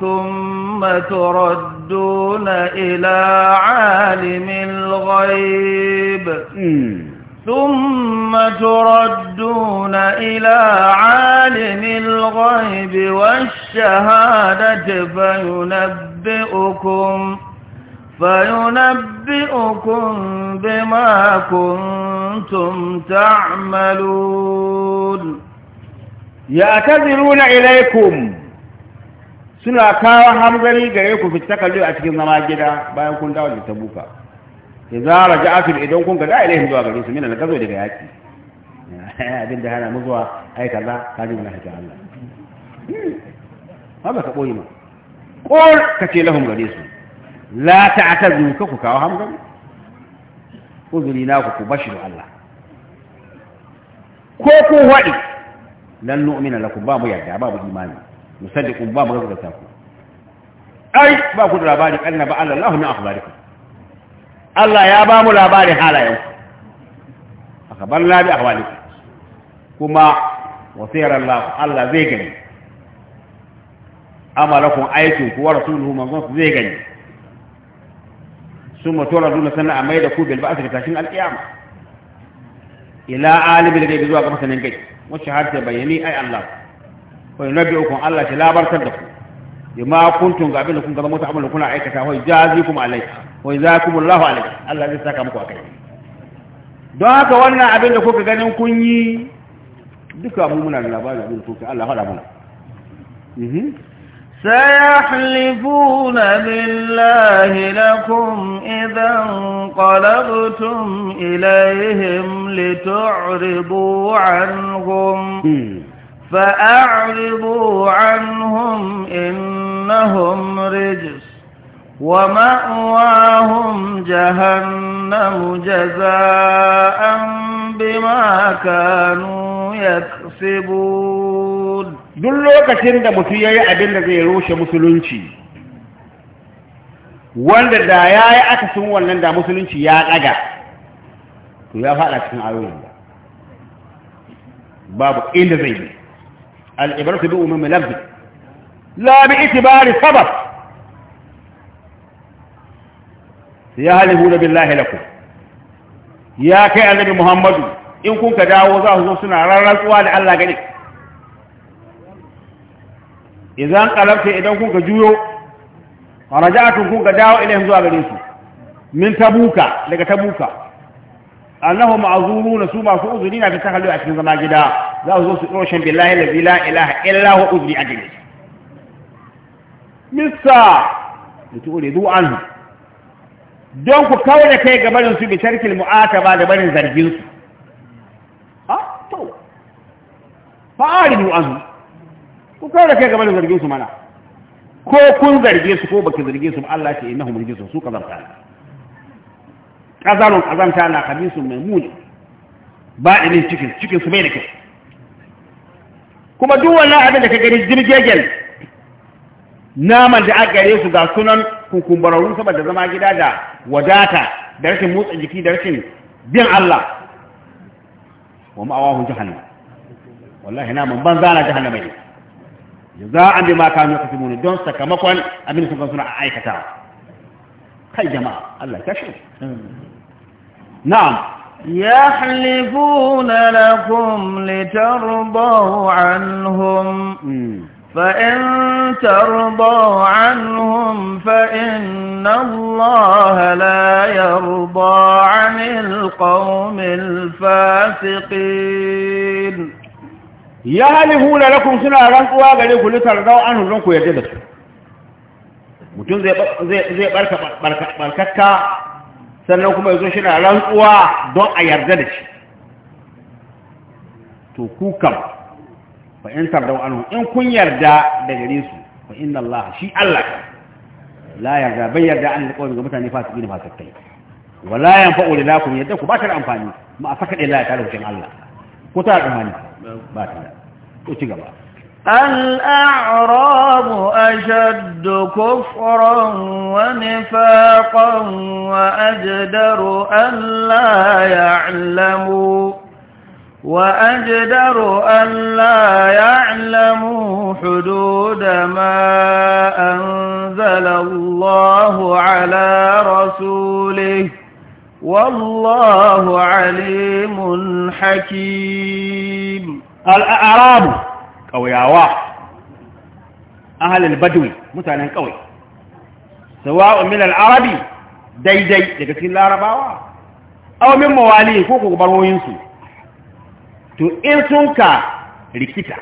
ثم تردون إلى عالم الغيب hmm. ثم تردون إلى عالم الغيب والشهادة فينبئكم فينبئكم بما كنتم تعملون يعتذرون إليكم suna kawo hamzari gare ku fi takallu a cikin zama gida bayan kun dawo da tabuka ya zara ji afir idan kun gada ilahin zuwa gare su mina na gazo daga yaki abin da hana mazuwa zuwa ai kaza ka ji mana haka Allah ba ka ɓoye ma ko ka ce lahum gare su la ta'tazu ka ku kawo hamgani uzuri na ku ku bashi da Allah ko ku wadi lan nu'mina lakum ba mu yarda ba mu imani musaddiqun ba mu gaskata ku ai ba ku da labari kanna ba Allah Allahu min akhbarikum Allah ya ba mu labarin halayen akhbarna bi ahwalikum kuma wasayar Allah Allah zai gani amalakum aikin ku wa rasuluhu manzon zai gani sun matora duna sannan a mai da ku bil ba'asa ga tashin alƙiyama ila alimil gaibi zuwa ga masanin gaibi wacce har ta bayyani ai Allah ko yana bi ukun Allah shi labartar da ku bima kuntum ga abinda kun ga mota abin da kuna aikata wa jazikum alai wa jazakumullahu alai Allah zai saka muku akai don haka wannan abin da kuka ganin kun yi duka mu muna da labarin abin da kuka Allah faɗa mana mhm. سيحلفون بالله لكم إذا انقلبتم إليهم لتعرضوا عنهم فأعرضوا عنهم إنهم رجس ومأواهم جهنم جزاء بما كانوا يكسبون duk lokacin da mutum ya yi abin da zai rushe musulunci wanda da ya yi akasin wannan da musulunci ya ɗaga to ya faɗa cikin ayoyin da babu inda zai yi al'ibarsu bi umar milabbi labi itibari sabab ya halihu da billahi lakum ya kai annabi muhammadu in kun ka dawo za su zo suna rarrantsuwa da allah gani idan qalabta idan kun ka juyo faraja'atun kun ka dawo ilaihim zuwa gare su min tabuka daga tabuka annahu ma'zuruna su su uzuri na ta halu a cikin zama gida za su zo su shan billahi la ilaha illa huwa uzuri a gare mista da tuure du anhu don ku kawai kai ga barin su bi tarkil mu'ataba da barin zargin su ha to fa'alu anhu ku kai da kai game da zargin su mana ko kun zarge su ko baki zarge su ba Allah ce innahum rijisun su kazarta ne kazarun kazanta na kabisun mai muni ba ilin cikin cikin su bai da kyau kuma duk wannan abin da ka gani jirgegen naman da aka gare su ga sunan kukumbararru saboda zama gida da wadata da rashin motsa jiki da rashin bin Allah wa ma'awahun jahannama wallahi naman banza na jahannama ne جزاء بما كانوا يقسمون دون سكمكن أمين سكنسون أي كتاب خي جماعة الله كشف نعم يحلفون لكم لترضوا عنهم فإن ترضوا عنهم فإن الله لا يرضى عن القوم الفاسقين ya halihuna lakum suna rantsuwa gare ku litar dau an hulun ku yarda da su mutum zai zai barka barkakka sannan kuma yazo shi na rantsuwa don a yarda da shi to ku kam fa in tardau anhu in kun yarda da gare su fa inna Allah shi Allah la yarda bai yarda an alƙawari ga mutane fasiki ne fasikai wala yanfa'u lilakum yadda ku ba ta da amfani ma a saka da Allah ta rubucin Allah ku ta da amfani ba ta الأعراب أشد كفرا ونفاقا وأجدر أن لا يعلموا وأجدر أن لا يعلموا حدود ما أنزل الله على رسوله والله عليم ƙauyawa, الأعراب قوياوا أهل البدو متانا قوي سواء من العربي daidai daga cikin larabawa aw min mawali ko ko baroyinsu to in sun ka rikita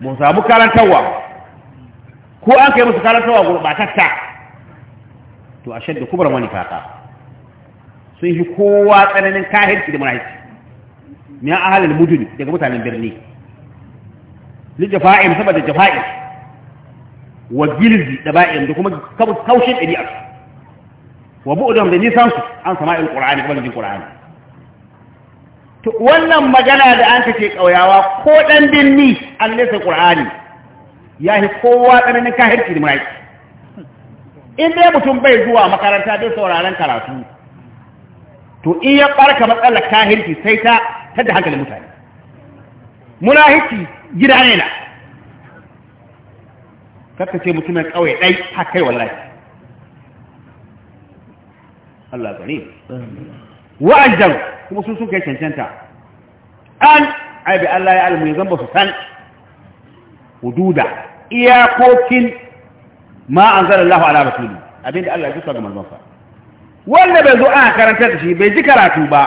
mun samu karantawa ko an kai musu karantawa gurbatatta to ashaddu kubra wani fata sun yi kowa tsananin kahirci da munafiki a halin mudun daga mutanen birni li jafa'in saboda jafa'in wa gilzi da ba'in da kuma kaushin ɗabi'ar wa bu'udum da nisan su an sama'il qur'ani kuma jin qur'ani to wannan magana da an kace kauyawa ko dan birni an lesa qur'ani yahi kowa tsananin kahirci da munafiki in dai mutum bai zuwa makaranta bai sauraron karatu to in ya barka matsalar kahirci sai ta tada hankalin mutane munahici gida ne na kakka ce mutumin kawai ɗai, haka kai wallahi Allah gani wa'ajjan kuma sun suka cancanta an ai Allah ya almu ya zamba su san hududa iyakokin ma anzala Allah ala rasuli abinda Allah ya gusa ga manzon sa wanda bai zo ana karanta da shi bai ji karatu ba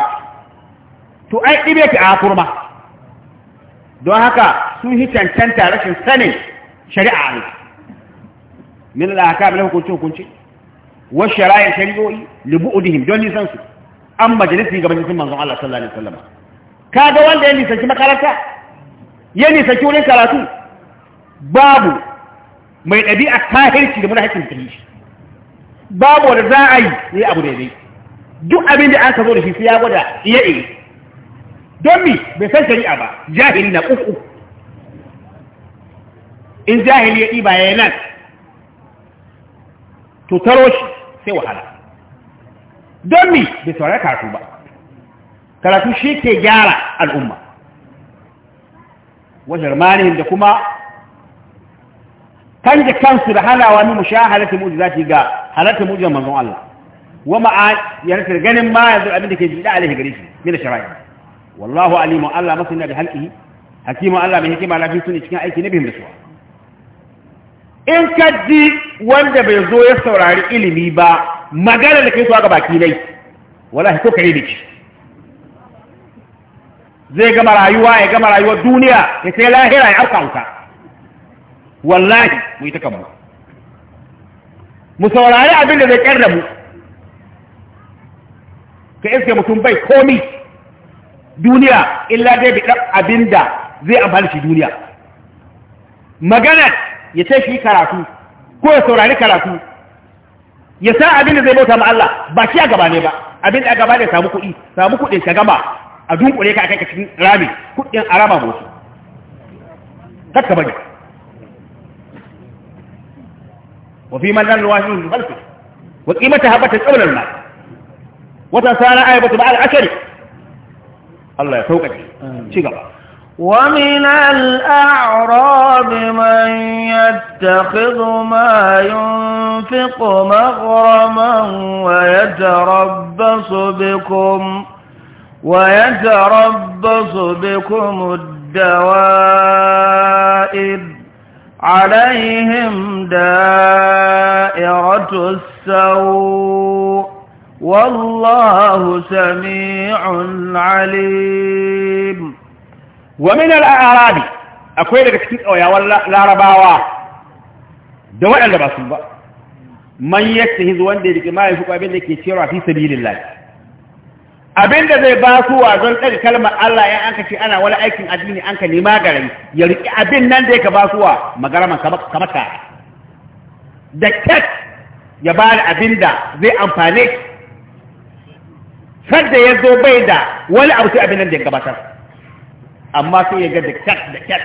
to ai ɗibe ki a kurma don haka sun yi cancanta rashin sanin shari'a ne min al'aka bin hukunci hukunci wa shari'a shari'o'i li bu'udihim don nisan su an majalisi ga majalisin manzon Allah sallallahu alaihi wasallam kaga wanda ya nisanci makaranta ya nisanci wurin karatu babu mai ɗabi'a tahirci da muna hakin tahishi babu wanda za a yi ne abu daidai duk abin da an ka zo da shi sai ya gwada iya iya don mi bai san shari'a ba jahili na uku in jahili ya ɗiba ya nan to taro shi sai wahala don mi bai saurari karatu ba karatu shi ke gyara al'umma wajen da kuma Kan canja kansu da halawa min mushahadati mu'jizati ga halatta mu'jizan manzon Allah wa ma'a yana ta ganin ma yanzu abin da ke jida alaihi gare shi min shara'i wallahu alimu Allah masana bi halqihi hakimu Allah mai hikima lafi sunni cikin aiki na bihim da suwa in ji wanda bai zo ya saurari ilimi ba magana da kai suwa ga baki nai wallahi ko kare biki zai gama rayuwa ya gama rayuwar duniya ya sai lahira ya auka wuta wallahi mu yi ta kanmu mu saurari abin da zai karra mu ka iske mutum bai komi duniya illa dai bi abin da zai amfani shi duniya magana ya ce shi karatu ko ya saurari karatu ya sa abin da zai bauta ma Allah ba shi a gaba ne ba abin da a gaba ne samu kuɗi samu kuɗin ka gama a dunkule ka a kai ka cikin rami kuɗin araba musu kakka bane وفي من لا يواجهه من خلفه وقيمتها بتت قبل المال وتسال آية بعد العشر الله يفوقك شكرا ومن الأعراب من يتخذ ما ينفق مغرما ويتربص بكم ويتربص بكم الدوائر عليهم دائرة السوء والله سميع عليم ومن الأعراب أكوين كتير أو يا ولا لا رباوا دواء الباسم من يكتهز وندي لك ما يفوق أبين لك يسير في سبيل الله Abin da zai ba su wazon tsari kalmar Allah ya an ce ana wani aikin addini an ka nema garai ya riƙi abin nan da ya ka ba su wa magarama kamata da kyat ya ba da abin da zai amfane da ya zo bai da wani abu sai abin nan da ya gabatar amma sai ya ga da kyat da kyat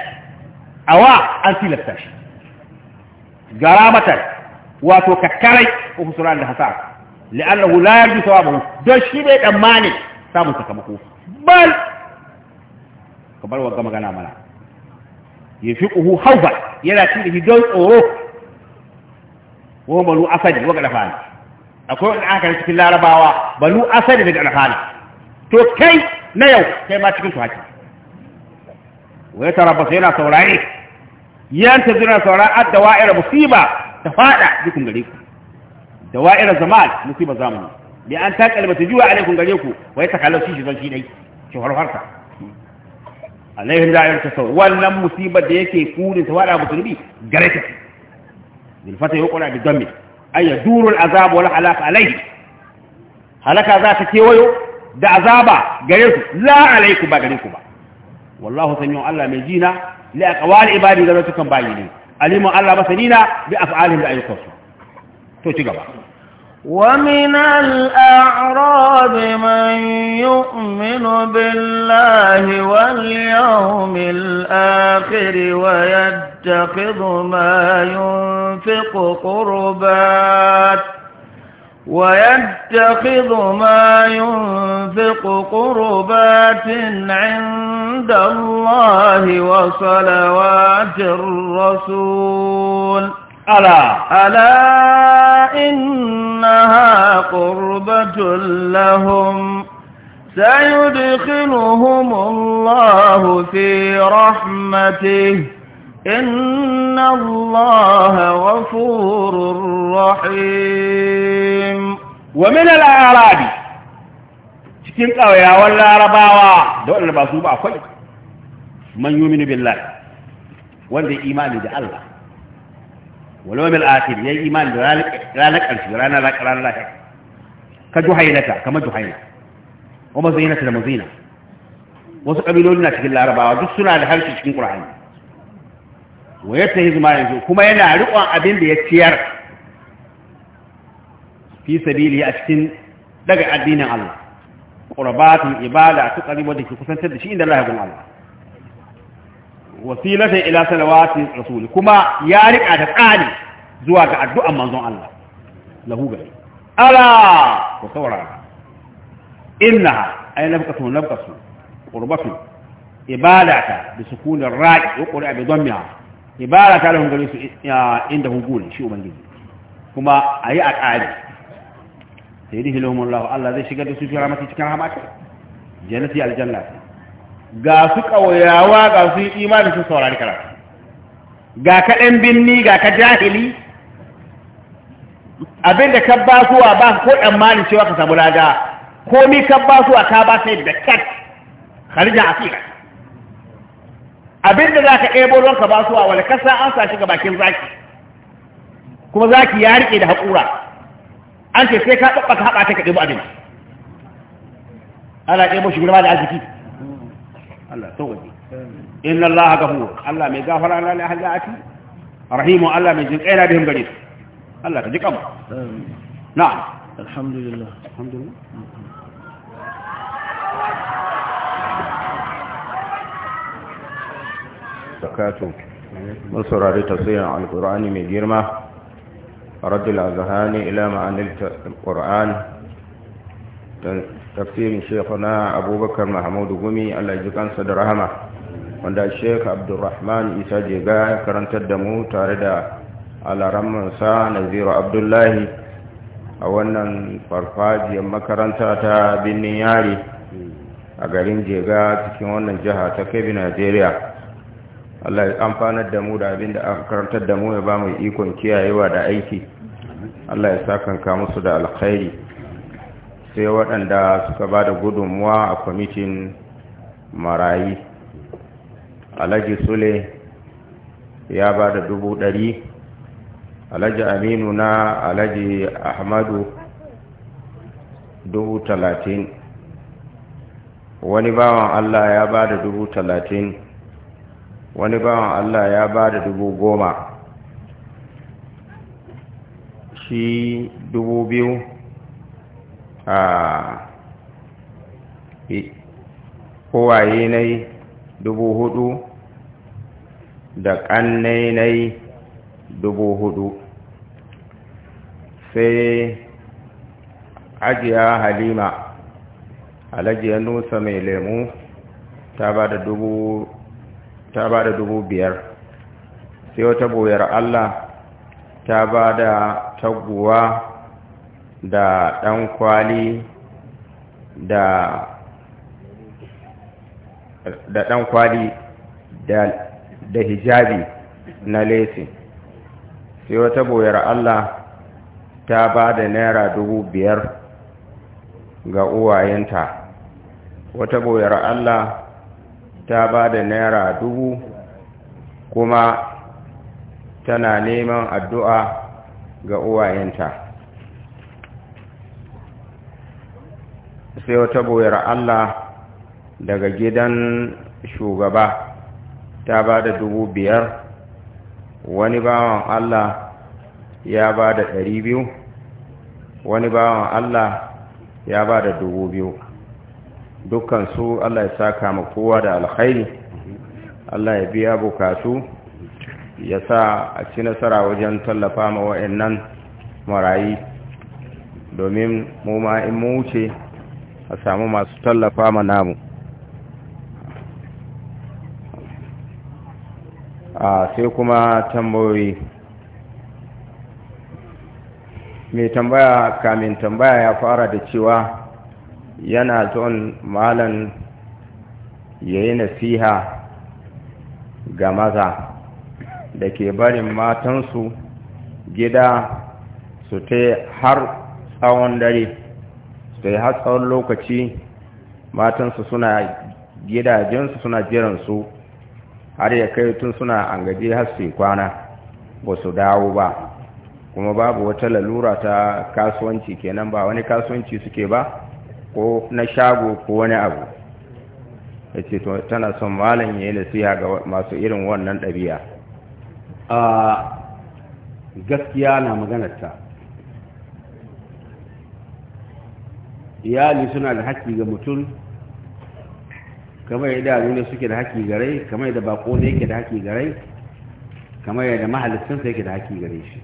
wa an tilasta shi garamatar wato kakkarai ko da hasara li'annahu la yarju thawabahu don shi bai tsammani samun sakamako bal kamar wa magana mana yafiquhu hawfa yana cikin shi don tsoro wa banu asadi wa gadafani akwai wanda aka cikin larabawa banu asadi da gadafani to kai na yau kai ma cikin su haki wa ya tarabbasu yana saurare yanta zira saurare musiba ta faɗa dukun gare ku Da dawa'ir zaman musiba zamani bi an ta kalmata juwa alaikum gare ku wa ya takalau shi zan shi dai shi laifin alaihim da'ir sau, wannan musibar da yake kudin ta wada musulmi gare ta bil fata yuqra bi dami ay yaduru al azab wal halak alaihi halaka za ta kewayo da azaba gare su la alaiku ba gare ku ba wallahu sanyo Allah mai jina li aqwal ibadi da sukan bayi ne alimu Allah masanina bi af'alihim da ayyukansu to ومن الأعراب من يؤمن بالله واليوم الآخر ويتخذ ما ينفق قربات ويتخذ ما ينفق قربات عند الله وصلوات الرسول ألا ألا إنها قربة لهم سيدخلهم الله في رحمته إن الله غفور رحيم ومن الأعراب تكين قويا ولا رباوا دول الباسوب أخوي من يؤمن بالله والذي إيمان بالله واليوم الآخر يا إيمان لا لك أنت لا لا لك لا لك كجحينة كما جحينة ومزينة لمزينة وسقبلولنا تقول الأربعة ودسنا لحرش تشكين قرآن ويتهز ما ينزل كما ينعرق أبين بيتيار في سبيل أشتن دقع الدين الله قربات عبادة تقرب ودك كسنتد شيء إن الله يقول الله wasilatan ila salawati rasul kuma ya rika da tsani zuwa ga addu'an manzon Allah lahu gari ala ku saurara innaha ay nabqatu nabqatu qurbatu ibadata bi sukun ar-ra'i wa qura bi dhammiha ibadata lahu gari su inda hukun shi ubangiji kuma ayi a tsari sai dihilahum Allah Allah zai shigar da su fi rahmatu cikin rahmatu jannati aljanna ga su ƙauyawa ga su yi imanin su saurari karatu ga ka ɗan binni ga ka jahili abinda ka ba wa ba ko ɗan mani cewa ka samu lada komi ka ba wa ka ba sai da kat kharijan asira abinda za ka ɗebo don ka ba wa wani kasa an sa shi ga bakin zaki kuma zaki ya riƙe da haƙura an ce sai ka ɓaɓɓaka haɓa ta ka ɗebo abin ana ɗebo shi girma da arziki إن الله غفور الله من غفر على الأحد الآتي رحيم الله من جنك إلا بهم قدير الله تجيك أمر نعم الحمد لله الحمد لله بركاته نصر هذه تصير عن القرآن من جرمة رد الأذهان إلى معاني القرآن تفسير شيخنا أبو بكر محمود قمي الله يجب أن wanda sheik abdulrahman isa jega ya karantar da mu tare da alaramansa naziru abdullahi a wannan farfajiyar makaranta ta birnin yari a garin jega cikin wannan jiha ta kebbi najeriya allah ya amfanar da mu da abin da aka karantar da mu ya ba mai ikon kiyayewa da aiki allah ya sakanka musu da alkhairi sai waɗanda suka ba da gudunmuwa a kwamitin marayi alhaji sule ya ba da dubu ɗari alhaji aminu na alhaji ahmadu dubu talatin wani bawan allah ya ba da dubu talatin wani bawan allah ya ba da dubu goma shi dubu biyu a kowaye na dubu hudu da ƙannainai dubu hudu sai ajiya halima alajiyar nusa mai lemu ta ba da dubu biyar sai wata boyar allah ta ba da taguwa da ɗan kwali da ɗan kwali da da hijabi na lesi sai wata boyar Allah ta ba da naira dubu biyar ga uwayenta wata boyar Allah ta ba da naira dubu kuma tana neman addu'a ga uwayenta sai wata boyar Allah daga gidan shugaba ta ba da dubu biyar wani bawan Allah ya ba da ɗari biyu wani bawan Allah ya ba da dubu biyu dukkan su Allah ya saka ma kowa da alkhairi Allah ya biya bukatu ya sa a ci nasara wajen tallafa ma wa'annan marayi domin mu ma in mu wuce a samu masu tallafa ma namu A sai kuma tambayoyi mai tambaya kamin tambaya ya fara da cewa yana son malan ya yi nasiha ga maza da ke barin matansu gida su ta har tsawon dare su ta har tsawon lokaci matansu suna gidajensu suna jiransu har ya kai tun suna an gaji har su kwana ba su dawo ba kuma babu wata lalura ta kasuwanci kenan ba wani kasuwanci suke ba ko na shago ko wani abu ya ce tana son malam ya yi nasiha ga masu irin wannan ɗabi'a a gaskiya na maganarta iyali suna da haƙƙi ga mutum kamar yadda ne suke da haƙi gare kamar yadda bako ne yake da haƙi gare kamar yadda mahalicinsa yake da haƙi gare shi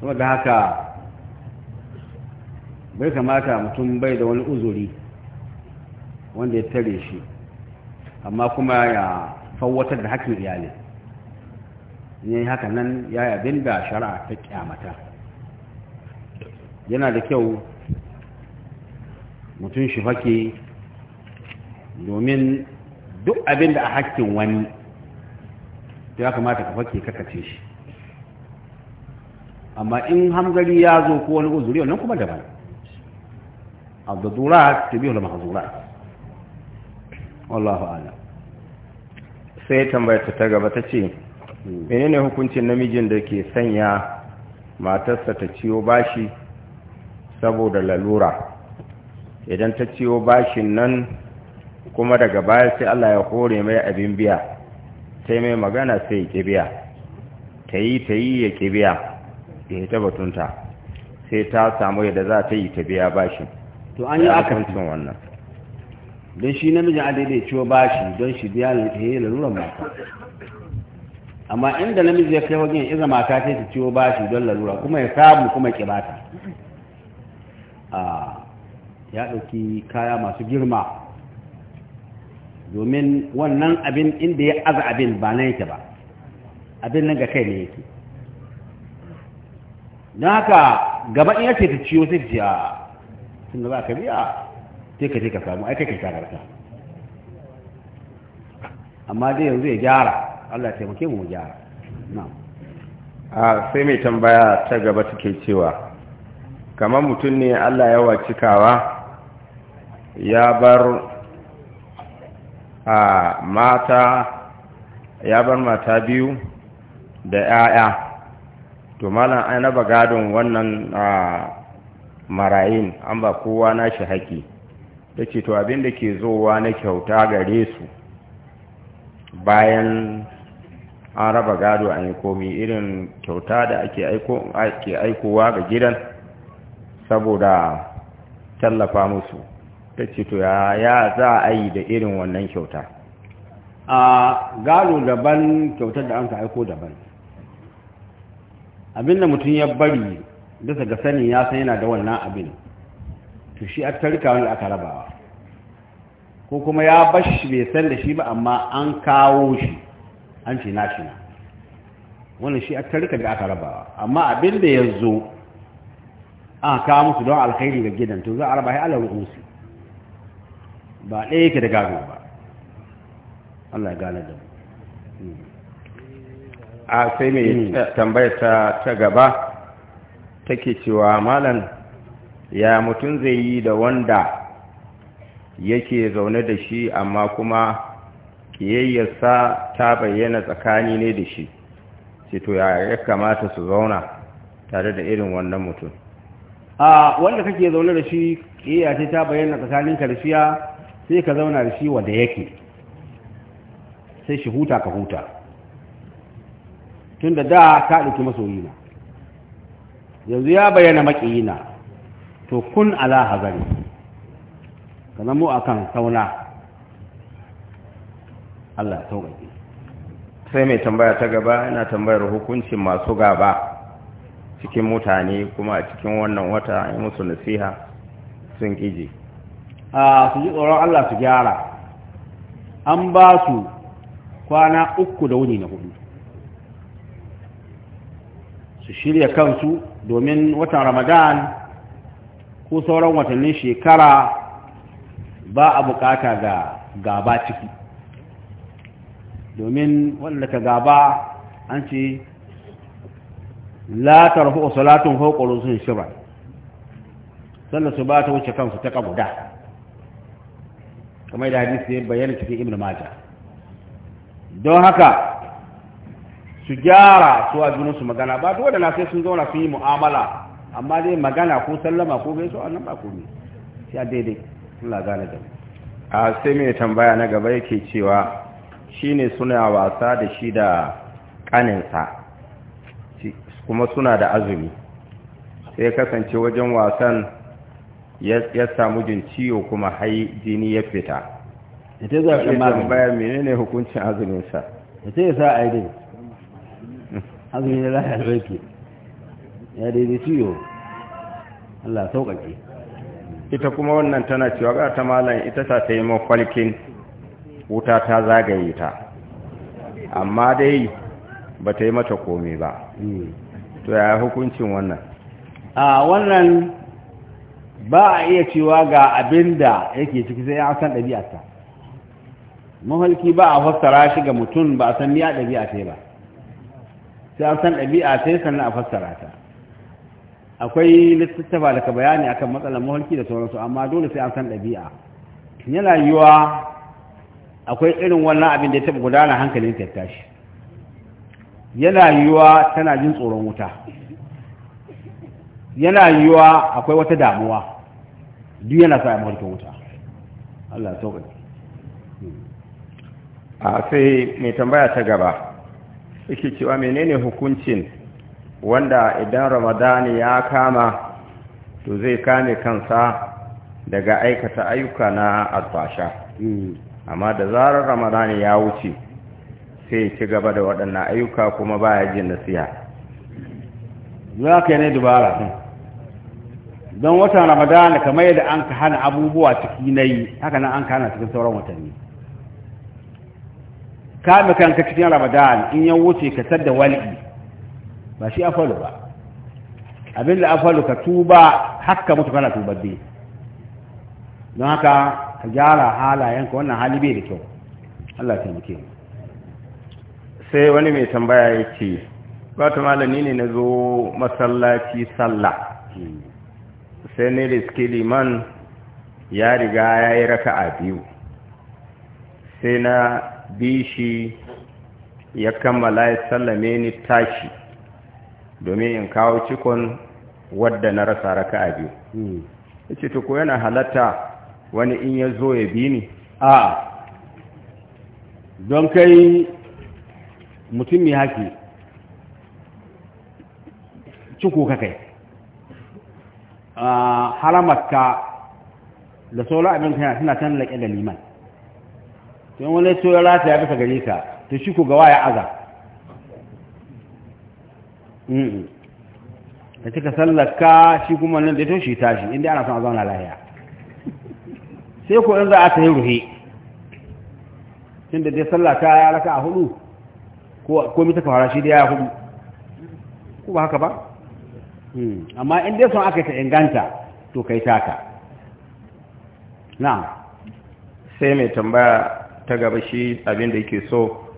saboda haka bai kamata mutum bai da wani uzuri wanda ya tare shi amma kuma ya fawwatar da haƙƙin iyali ne haka nan ya abin da shari'a ta kyamata yana da kyau mutum shi fake domin duk abin da a hakkin wani ya kamata ka fake kakace shi amma in hamgari ya zo ko wani uzuri wannan kuma daban ta biyu da mahzurat wallahu a'lam sai tambayar ta gaba ta ce hmm. menene hukuncin namijin da ke sanya matarsa ta ciyo bashi saboda lalura idan ta ciyo bashin nan kuma daga baya sai Allah ya hore mai abin biya sai mai magana sai ya biya ta yi ta yi ya biya ya yi ta batunta sai ta samu yadda za ta yi ta biya bashi to an yi aka cin wannan don shi namijin adade ciwo bashi don shi biya ya yi laluran mata amma inda namiji ya kai wajen iza mata ta ta ciwo bashi don lalura kuma ya samu kuma ya bata ah, ya ɗauki kaya masu girma domin wannan abin inda ya aza abin ba na yake ba abin nan ga kai ne yake don haka gaba in yake ta ciwo sai ta sun a da za ka biya sai ka je ka samu ai ta garka amma dai yanzu ya gyara Allah ya taimake mu gyara a sai mai tambaya ta gaba take cewa kamar mutum ne Allah ya wacikawa ya bar a mata ya bar mata biyu da 'ya'ya to malam ai na bagadon wannan marayin an ba kowa na shi haƙi ta ce to abin ke zowa na kyauta gare su bayan an raba gado an yi komi irin kyauta da ake aikowa ga gidan saboda tallafa musu ta ce to ya za a yi da irin wannan kyauta a galo daban kyautar da an ka aiko daban abinda mutum ya bari bisa ga sanin ya san yana da wannan abin to shi a tarika wanda aka rabawa ko kuma ya bashi bai san da shi ba amma an kawo shi an ce nashi na wannan shi a tarika da aka rabawa amma abin da ya zo an kawo musu don alkhairi ga gidan to za a raba shi ala ru'usi ba ɗaya yake da gado ba Allah ya gane da mu a sai mai hmm. tambayar ta ta gaba take cewa malam ya mutum zai yi da wanda yake zaune da shi amma kuma kiyayyarsa ta bayyana tsakani ne da shi ce to ya kamata su zauna tare da irin wannan mutum a wanda kake zaune da shi kiyayya ta bayyana tsakaninka da ya sai ka zauna da shi wanda yake sai shi huta ka huta tun da da ka ɗauki masoyina yanzu ya bayyana makiyina to kun ala hazari ka zamo a sauna Allah sauƙaƙi sai mai tambaya ta gaba yana tambayar hukuncin masu gaba cikin mutane kuma a cikin wannan wata musu nasiha sun ƙiji su ji tsoron Allah su gyara an ba su kwana uku da wuni na hudu su shirya kansu domin watan ramadan ko sauran watannin shekara ba a bukata ga gaba ciki domin wanda ka gaba an ce latar hukusa sun shirar sannan su ba ta wuce kansu ta kaguda kamar da hadisi ya bayyana cikin ibn majah don haka su gyara su a junansu magana ba duk na sai sun zauna sun yi mu'amala amma dai magana ko sallama ko bai so annan ba ko ne ya daidai Allah gane da a sai mai tambaya na gaba yake cewa shine suna wasa da shi da kaninsa kuma suna da azumi sai kasance wajen wasan ya samu jin ciwo kuma hai jini ya fita ita za a tambaya menene hukuncin azumin sa ita ya sa aidi azumin da lafiya albarki ya daidai ciwo Allah sauƙaƙe ita kuma wannan tana cewa ga ta malam ita ta ta yi mafalkin wuta ta zagaye ta amma dai ba ta yi mata komai ba hmm. to ya hukuncin wannan a wannan ba a iya cewa ga abin da yake ciki sai an san ɗabi'arta mahalki ba a fassara shi ga mutum ba a san niya ɗabi'a sai ba sai an san ɗabi'a sai sannan a fassara ta akwai littattafa daga bayani akan matsalar mahalki da sauransu amma dole sai an san ɗabi'a yana yiwuwa akwai irin wannan abin da ya taɓa gudana hankalin ta tashi yana yiwuwa tana jin tsoron wuta yana yiwuwa akwai wata damuwa duk yana sa mawarkin wuta Allah ya a sai mai tambaya ta gaba yake cewa menene hukuncin wanda idan ramadani ya kama to zai kame kansa daga aikata ayyuka na alfasha amma da zarar ramadani ya wuce sai ci gaba da waɗannan ayyuka kuma baya jin nasiha za ka yi ne dubara don watan ramadana kamar yadda an ka hana abubuwa ciki na yi haka nan an ka hana cikin sauran watanni kame kanka cikin ramadana in ya wuce ka sadda wal'i ba shi afalu ba abin da afalu ka tuba haka mutu kana tubabbe don haka ka gyara halayenka wannan hali bai da kyau Allah taimake mu sai wani mai tambaya ya ce ba ta malami ne na zo masallaci sallah hmm. sai ni riski liman ya riga ya yi raka a biyu sai na bi shi ya kammala ya sallame ni tashi domin in kawo cikon wadda na rasa raka a biyu hmm. ya ce tuku yana halatta wani in ya zo ya bi ni a don kai mutum mai haki ciko ka kai haramarka da sauran abin kana suna can laƙe da liman tun wani to ya rata ya bisa gare ka to shi ku gawa ya aza ka cika sallaka shi kuma nan da ya shi tashi inda ana son a zauna lahiya sai ko in za a ta yi ruhe tun da dai sallaka ya raka a hudu ko mita ka fara shi da ya hudu ko ba haka ba Hmm. amma in dai son aka ta inganta to kai taka na sai mai tambaya ta gaba shi abin da yake so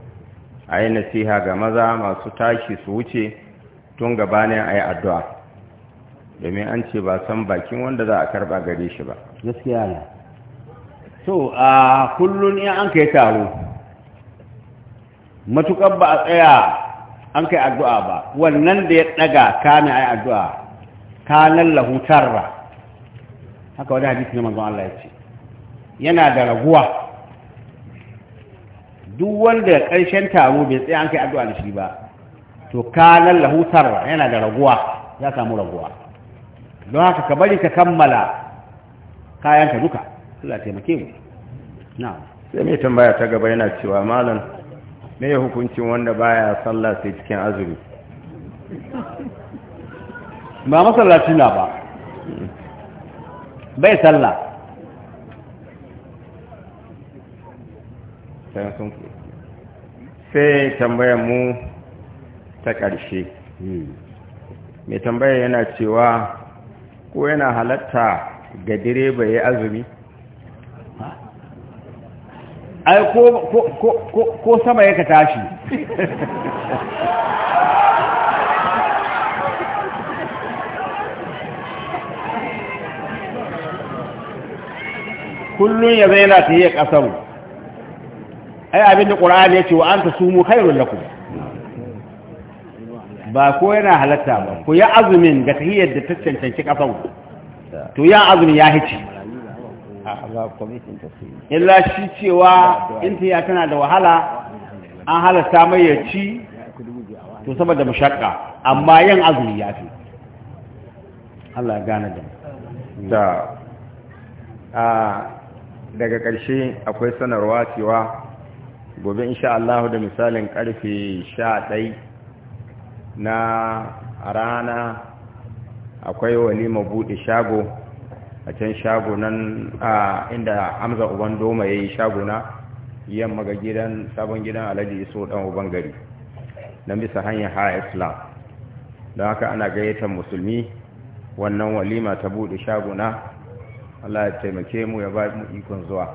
a yi nasiha ga maza masu tashi su wuce tun gabanin a yi addu'a domin an ce ba san bakin wanda za a karba gare shi ba gaskiya ne so a kullum in an kai taro matukar ba a tsaya an kai addu'a ba wannan da ya daga kana ai addu'a kanan lahu tarra haka wani hadisi na manzon Allah ya ce yana da raguwa duk wanda ƙarshen taro bai tsaya an kai addu'a da shi ba to kanan lahu tarra yana da raguwa ya samu raguwa don haka ka bari ka kammala kayan ka duka Allah taimake mu na'am sai mai tambaya ta gaba yana cewa malam ne hukuncin wanda baya sallah sai cikin azumi ba masallaci na ba bai sallah sai tambayar mu ta ƙarshe mai tambayar yana cewa ko yana halatta ga direba ya azumi ai ko sama ya ka tashi kullum ya zai na ta yi ƙasar ai abinda ƙura'ar ya ce wa an ta sumu kairun laku ba ko yana halatta ba ku ya azumin ga tahiyar da ta cancanci ƙasar to ya azumin ya hici illa shi cewa intiya tana da wahala an halasta mai ya ci to saboda mashakka amma yin azumi ya fi Allah gane da ta daga ƙarshe akwai sanarwa cewa gobe insha Allah da misalin ƙarfe sha ɗai na rana akwai wani mabuɗe shago a can shagunan a inda amza uban doma ya yi shaguna yamma ga gidan sabon gidan alhaji iso dan uban gari na bisa hanyar ha islam don haka ana gayyatar musulmi wannan walima ta buɗe shaguna Allah ya taimake mu ya ba mu ikon zuwa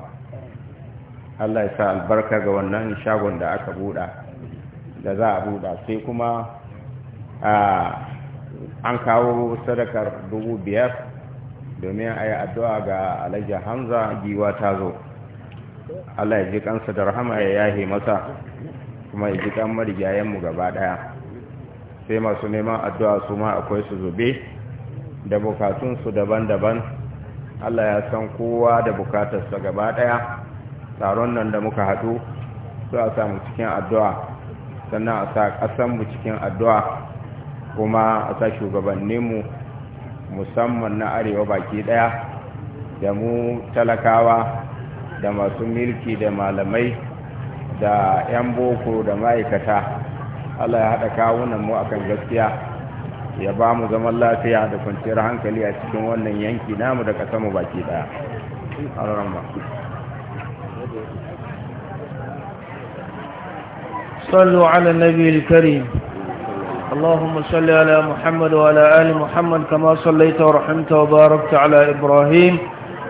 Allah ya sa albarka ga wannan shagon da aka buɗa da za a buɗa sai kuma an kawo sadakar dubu biyar domin a yi addu'a ga alhaji hamza giwa ta zo allah ya ji kansa da rahama ya yahe masa kuma ya ji kan marigayenmu gaba daya sai masu neman addu'a su ma akwai su zube da bukatunsu daban-daban allah ya san kowa da bukatarsa gaba daya taron nan da muka haɗu su a samu cikin addu'a sannan a sa ƙasanmu cikin addu'a kuma a sa shugabanninmu musamman na arewa baki daya da mu talakawa da masu milki da malamai da 'yan boko da ma'aikata allah ya haɗa kawunan mu akan gaskiya ya ba mu zaman lafiya da kwanciyar hankali a cikin wannan yanki namu da ƙasa mu baki daya صلوا على النبي الكريم اللهم صل على محمد وعلى آل محمد كما صليت ورحمت وباركت على إبراهيم